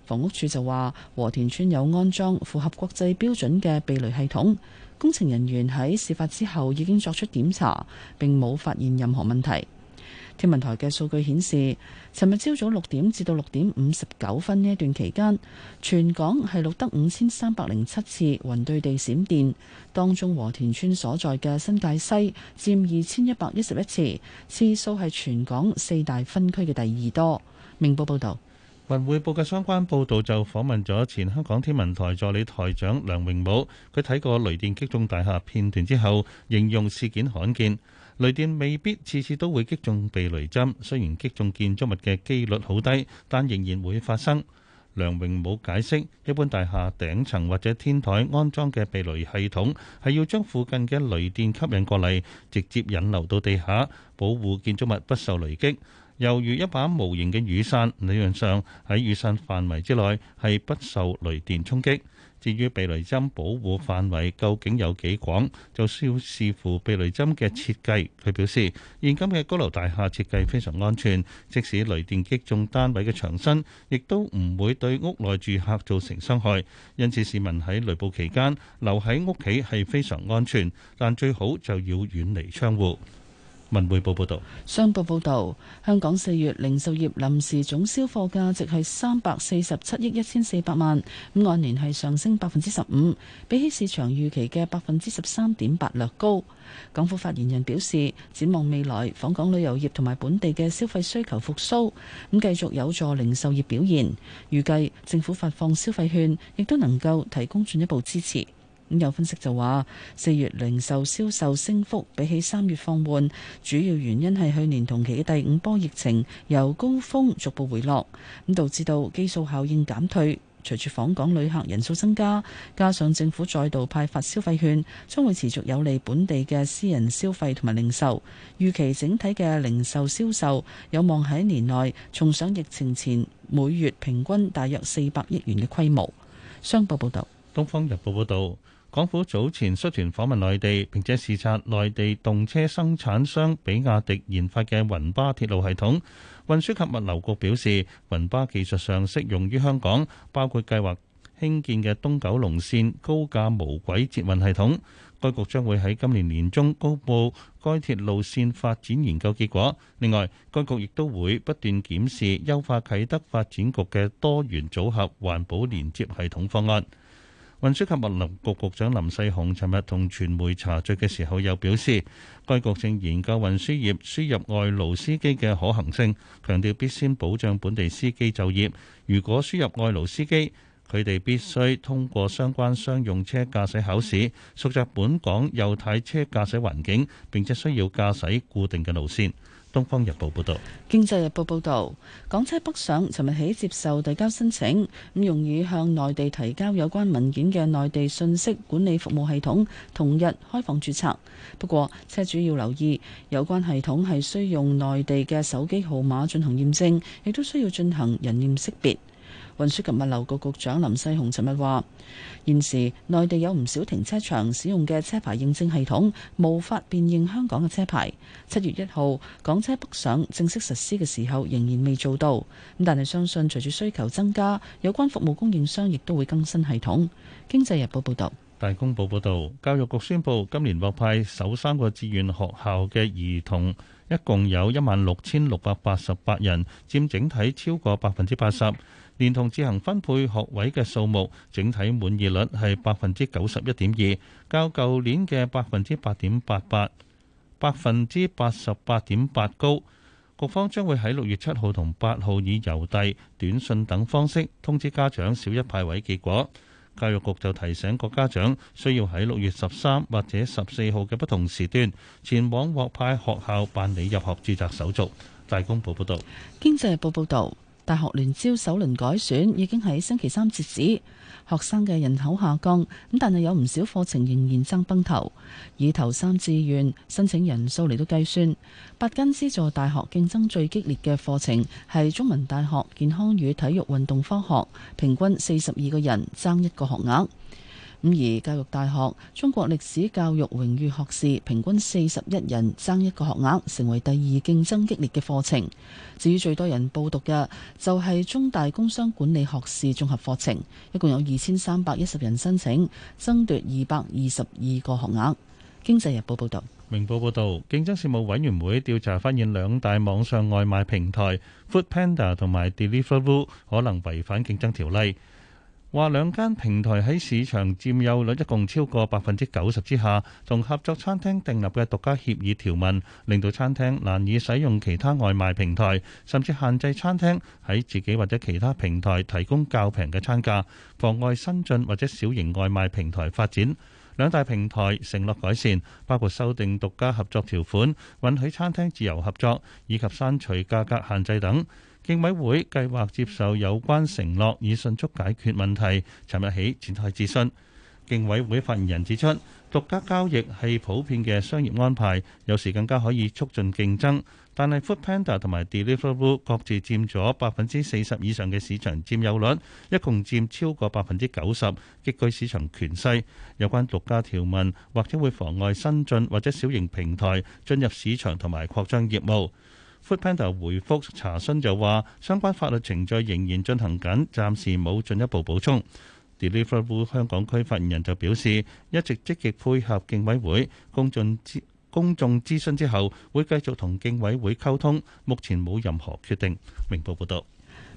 S3: 房屋署就話，和田村有安裝符合國際標準嘅避雷系統，工程人員喺事發之後已經作出檢查，並冇發現任何問題。天文台嘅數據顯示，尋日朝早六點至到六點五十九分呢一段期間，全港係錄得五千三百零七次雲對地閃電，當中和田村所在嘅新界西佔二千一百一十一次，次數係全港四大分區嘅第二多。明報報道，
S4: 文匯報嘅相關報道就訪問咗前香港天文台助理台長梁榮武，佢睇過雷電擊中大廈片段之後形容事件罕見。雷電未必次次都會擊中避雷針，雖然擊中建築物嘅機率好低，但仍然會發生。梁榮武解釋，一般大廈頂層或者天台安裝嘅避雷系統係要將附近嘅雷電吸引過嚟，直接引流到地下，保護建築物不受雷擊。猶如一把無形嘅雨傘，理論上喺雨傘範圍之內係不受雷電衝擊。至於避雷針保護範圍究竟有幾廣，就需要視乎避雷針嘅設計。佢表示，現今嘅高樓大廈設計非常安全，即使雷電擊中單位嘅牆身，亦都唔會對屋內住客造成傷害。因此，市民喺雷暴期間留喺屋企係非常安全，但最好就要遠離窗戶。文匯報報道，商
S3: 報報道，香港四月零售業臨時總銷貨價值係三百四十七億一千四百萬，咁按年係上升百分之十五，比起市場預期嘅百分之十三點八略高。港府發言人表示，展望未來，訪港旅遊業同埋本地嘅消費需求復甦，咁繼續有助零售業表現。預計政府發放消費券，亦都能夠提供進一步支持。咁有分析就話，四月零售銷售升幅比起三月放緩，主要原因係去年同期嘅第五波疫情由高峰逐步回落，咁導致到基數效應減退。隨住訪港旅客人數增加，加上政府再度派發消費券，將會持續有利本地嘅私人消費同埋零售。預期整體嘅零售銷售有望喺年內重上疫情前每月平均大約四百億元嘅規模。商報報導，
S4: 《東方日報》報導。港府早前率團訪問內地，並且視察內地動車生產商比亞迪研發嘅雲巴鐵路系統。運輸及物流局表示，雲巴技術上適用於香港，包括計劃興建嘅東九龍線高架無軌捷運系統。該局將會喺今年年中公布該鐵路線發展研究結果。另外，該局亦都會不斷檢視、優化啟德發展局嘅多元組合環保連接系統方案。運輸及物流局局長林世雄尋日同傳媒茶敘嘅時候，又表示，該局正研究運輸業輸入外勞司機嘅可行性，強調必先保障本地司機就業。如果輸入外勞司機，佢哋必須通過相關商用車駕駛考試，熟習本港右軚車駕駛環境，並且需要駕駛固定嘅路線。《東方日報》報導，
S3: 《經濟日報》報導，港車北上，尋日起接受遞交申請。咁，用於向內地提交有關文件嘅內地信息管理服務系統，同日開放註冊。不過，車主要留意，有關系統係需用內地嘅手機號碼進行驗證，亦都需要進行人臉識別。運輸及物流局局長林世雄尋日話，現時內地有唔少停車場使用嘅車牌認證系統，無法辨認香港嘅車牌。七月一號港車北上正式實施嘅時候，仍然未做到。咁但係相信隨住需求增加，有關服務供應商亦都會更新系統。經濟日報報道，
S4: 大公報報道，教育局宣布今年獲派首三個志願學校嘅兒童，一共有一萬六千六百八十八人，佔整體超過百分之八十。連同自行分配學位嘅數目，整體滿意率係百分之九十一點二，較舊年嘅百分之八點八八，百分之八十八點八高。局方將會喺六月七號同八號以郵遞、短信等方式通知家長小一派位結果。教育局就提醒各家長需要喺六月十三或者十四號嘅不同時段前往獲派學校辦理入學註冊手續。大公報報道。
S3: 經濟日報報大學聯招首輪改選已經喺星期三截止，學生嘅人口下降，咁但係有唔少課程仍然爭崩頭，以頭三志願申請人數嚟到計算，八間資助大學競爭最激烈嘅課程係中文大學健康與體育運動科學，平均四十二個人爭一個學額。咁而教育大學中國歷史教育榮譽學士平均四十一人爭一個學額，成為第二競爭激烈嘅課程。至於最多人報讀嘅就係、是、中大工商管理學士綜合課程，一共有二千三百一十人申請，爭奪二百二十二個學額。經濟日報報道，
S4: 明報報道，競爭事務委員會調查發現，兩大網上外賣平台 Foodpanda 同埋 Deliveroo 可能違反競爭條例。話兩間平台喺市場占有率一共超過百分之九十之下，同合作餐廳訂立嘅獨家協議條文，令到餐廳難以使用其他外賣平台，甚至限制餐廳喺自己或者其他平台提供較平嘅餐價，妨礙新進或者小型外賣平台發展。兩大平台承諾改善，包括修訂獨家合作條款，允許餐廳自由合作，以及刪除價格限制等。競委會計劃接受有關承諾，以迅速解決問題。尋日起展開諮詢。競委會發言人指出，獨家交易係普遍嘅商業安排，有時更加可以促進競爭。但係 Foodpanda 同埋 Deliveroo 各自佔咗百分之四十以上嘅市場佔有率，一共佔超過百分之九十，極具市場權勢。有關獨家條文或者會妨礙新進或者小型平台進入市場同埋擴張業務。Foodpanda 回覆查詢就話，相關法律程序仍然進行緊，暫時冇進一步補充。Deliveroo 香港區發言人就表示，一直積極配合競委會，公眾諮詢之後會繼續同競委會溝通，目前冇任何決定。明報報道。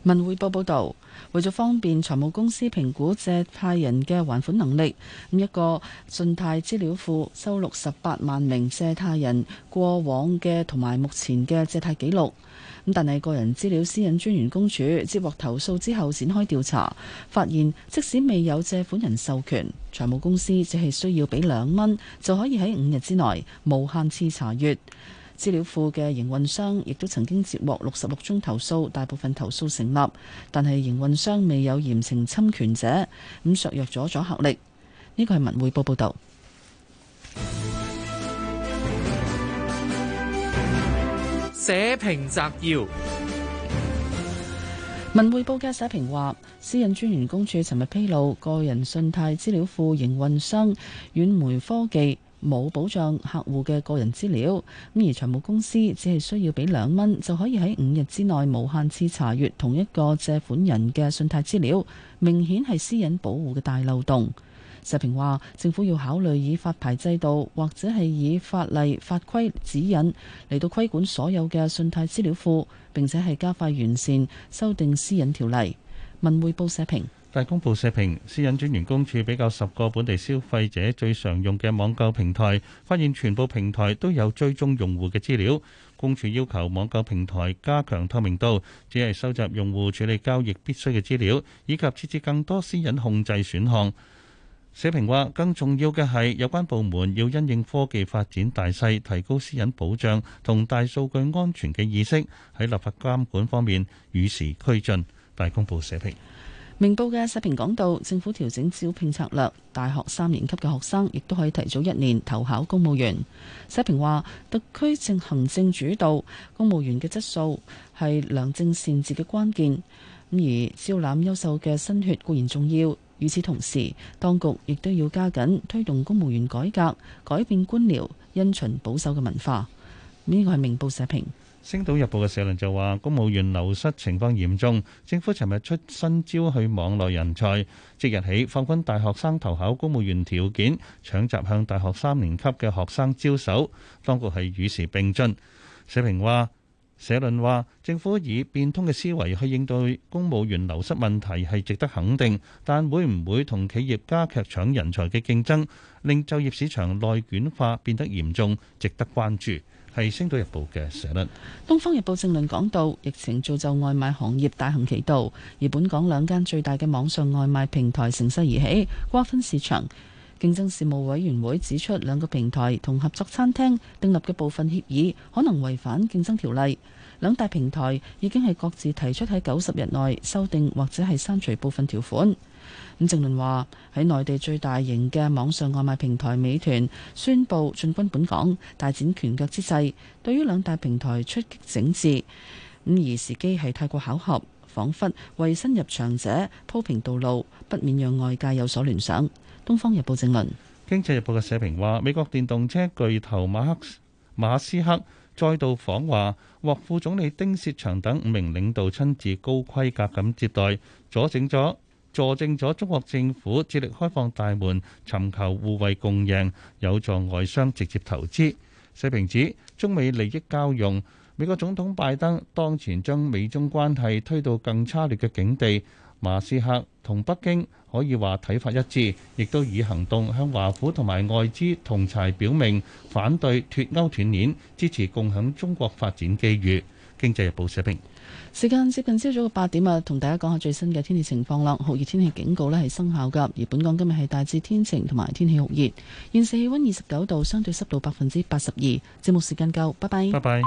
S3: 文匯報報道，為咗方便財務公司評估借貸人嘅還款能力，咁一個信貸資料庫收錄十八萬名借貸人過往嘅同埋目前嘅借貸記錄。咁但係個人資料私隱專員公署接獲投訴之後展開調查，發現即使未有借款人授權，財務公司只係需要俾兩蚊就可以喺五日之內無限次查閱。資料庫嘅營運商亦都曾經接獲六十六宗投訴，大部分投訴成立，但係營運商未有嚴懲侵，侵權者，咁削弱咗阻嚇力。呢個係文匯報報道。社評摘要。文匯報嘅社評話，私隱專員公署尋日披露，個人信貸資料庫營運商遠媒科技。冇保障客戶嘅個人資料，咁而財務公司只係需要俾兩蚊就可以喺五日之內無限次查閱同一個借款人嘅信貸資料，明顯係私隱保護嘅大漏洞。社評話：政府要考慮以發牌制度或者係以法例法規指引嚟到規管所有嘅信貸資料庫，並且係加快完善修訂私隱條例。文匯報社
S4: 評。大公報社評，私隱專員公署比較十個本地消費者最常用嘅網購平台，發現全部平台都有追蹤用戶嘅資料。公署要求網購平台加強透明度，只係收集用戶處理交易必須嘅資料，以及設置更多私隱控制選項。社評話，更重要嘅係有關部門要因應科技發展大勢，提高私隱保障同大數據安全嘅意識，喺立法監管方面與時俱進。大公報社評。
S3: 明報嘅社評講到，政府調整招聘策略，大學三年級嘅學生亦都可以提早一年投考公務員。社評話：特區政行政主導，公務員嘅質素係良政善治嘅關鍵。咁而招攬優秀嘅新血固然重要，與此同時，當局亦都要加緊推動公務員改革，改變官僚因循保守嘅文化。呢、這個係明報社評。
S4: 《星島日報》嘅社論就話，公務員流失情況嚴重，政府尋日出新招去網羅人才，即日起放寬大學生投考公務員條件，搶閘向大學三年級嘅學生招手。當局係與時並進，社評話，社論話，政府以變通嘅思維去應對公務員流失問題係值得肯定，但會唔會同企業加劇搶人才嘅競爭，令就業市場內卷化變得嚴重，值得關注。係《星島日報》嘅社論。《東
S3: 方日報》政論講到，疫情造就外賣行業大行其道，而本港兩間最大嘅網上外賣平台乘勢而起，瓜分市場。競爭事務委員會指出，兩個平台同合作餐廳訂立嘅部分協議，可能違反競爭條例。兩大平台已經係各自提出喺九十日內修訂或者係刪除部分條款。伍正倫話：喺內地最大型嘅網上外賣平台美團宣布進軍本港，大展拳腳之際，對於兩大平台出擊整治，咁而時機係太過巧合，仿佛為新入場者鋪平
S4: 道路，不免讓外界有所聯想。東方日報正論，經濟日報嘅社評話：美國電動車巨頭馬克馬斯克再度訪華，獲副總理丁薛祥等五名領導親自高規格咁接待，佐證咗。助證咗中國政府致力開放大門，尋求互惠共贏，有助外商直接投資。社評指中美利益交融，美國總統拜登當前將美中關係推到更差劣嘅境地。馬斯克同北京可以話睇法一致，亦都以行動向華府同埋外資同齊表明反對脫鈎斷鏈，支持共享中國發展機遇。經濟日報社評。
S3: 時間接近朝早嘅八點啊，同大家講下最新嘅天氣情況啦。酷熱天氣警告呢係生效噶，而本港今日係大致天晴，同埋天氣酷熱。現時氣溫二
S2: 十九度，相對濕度百分之八十二。節目時間夠，拜拜。
S4: 拜拜。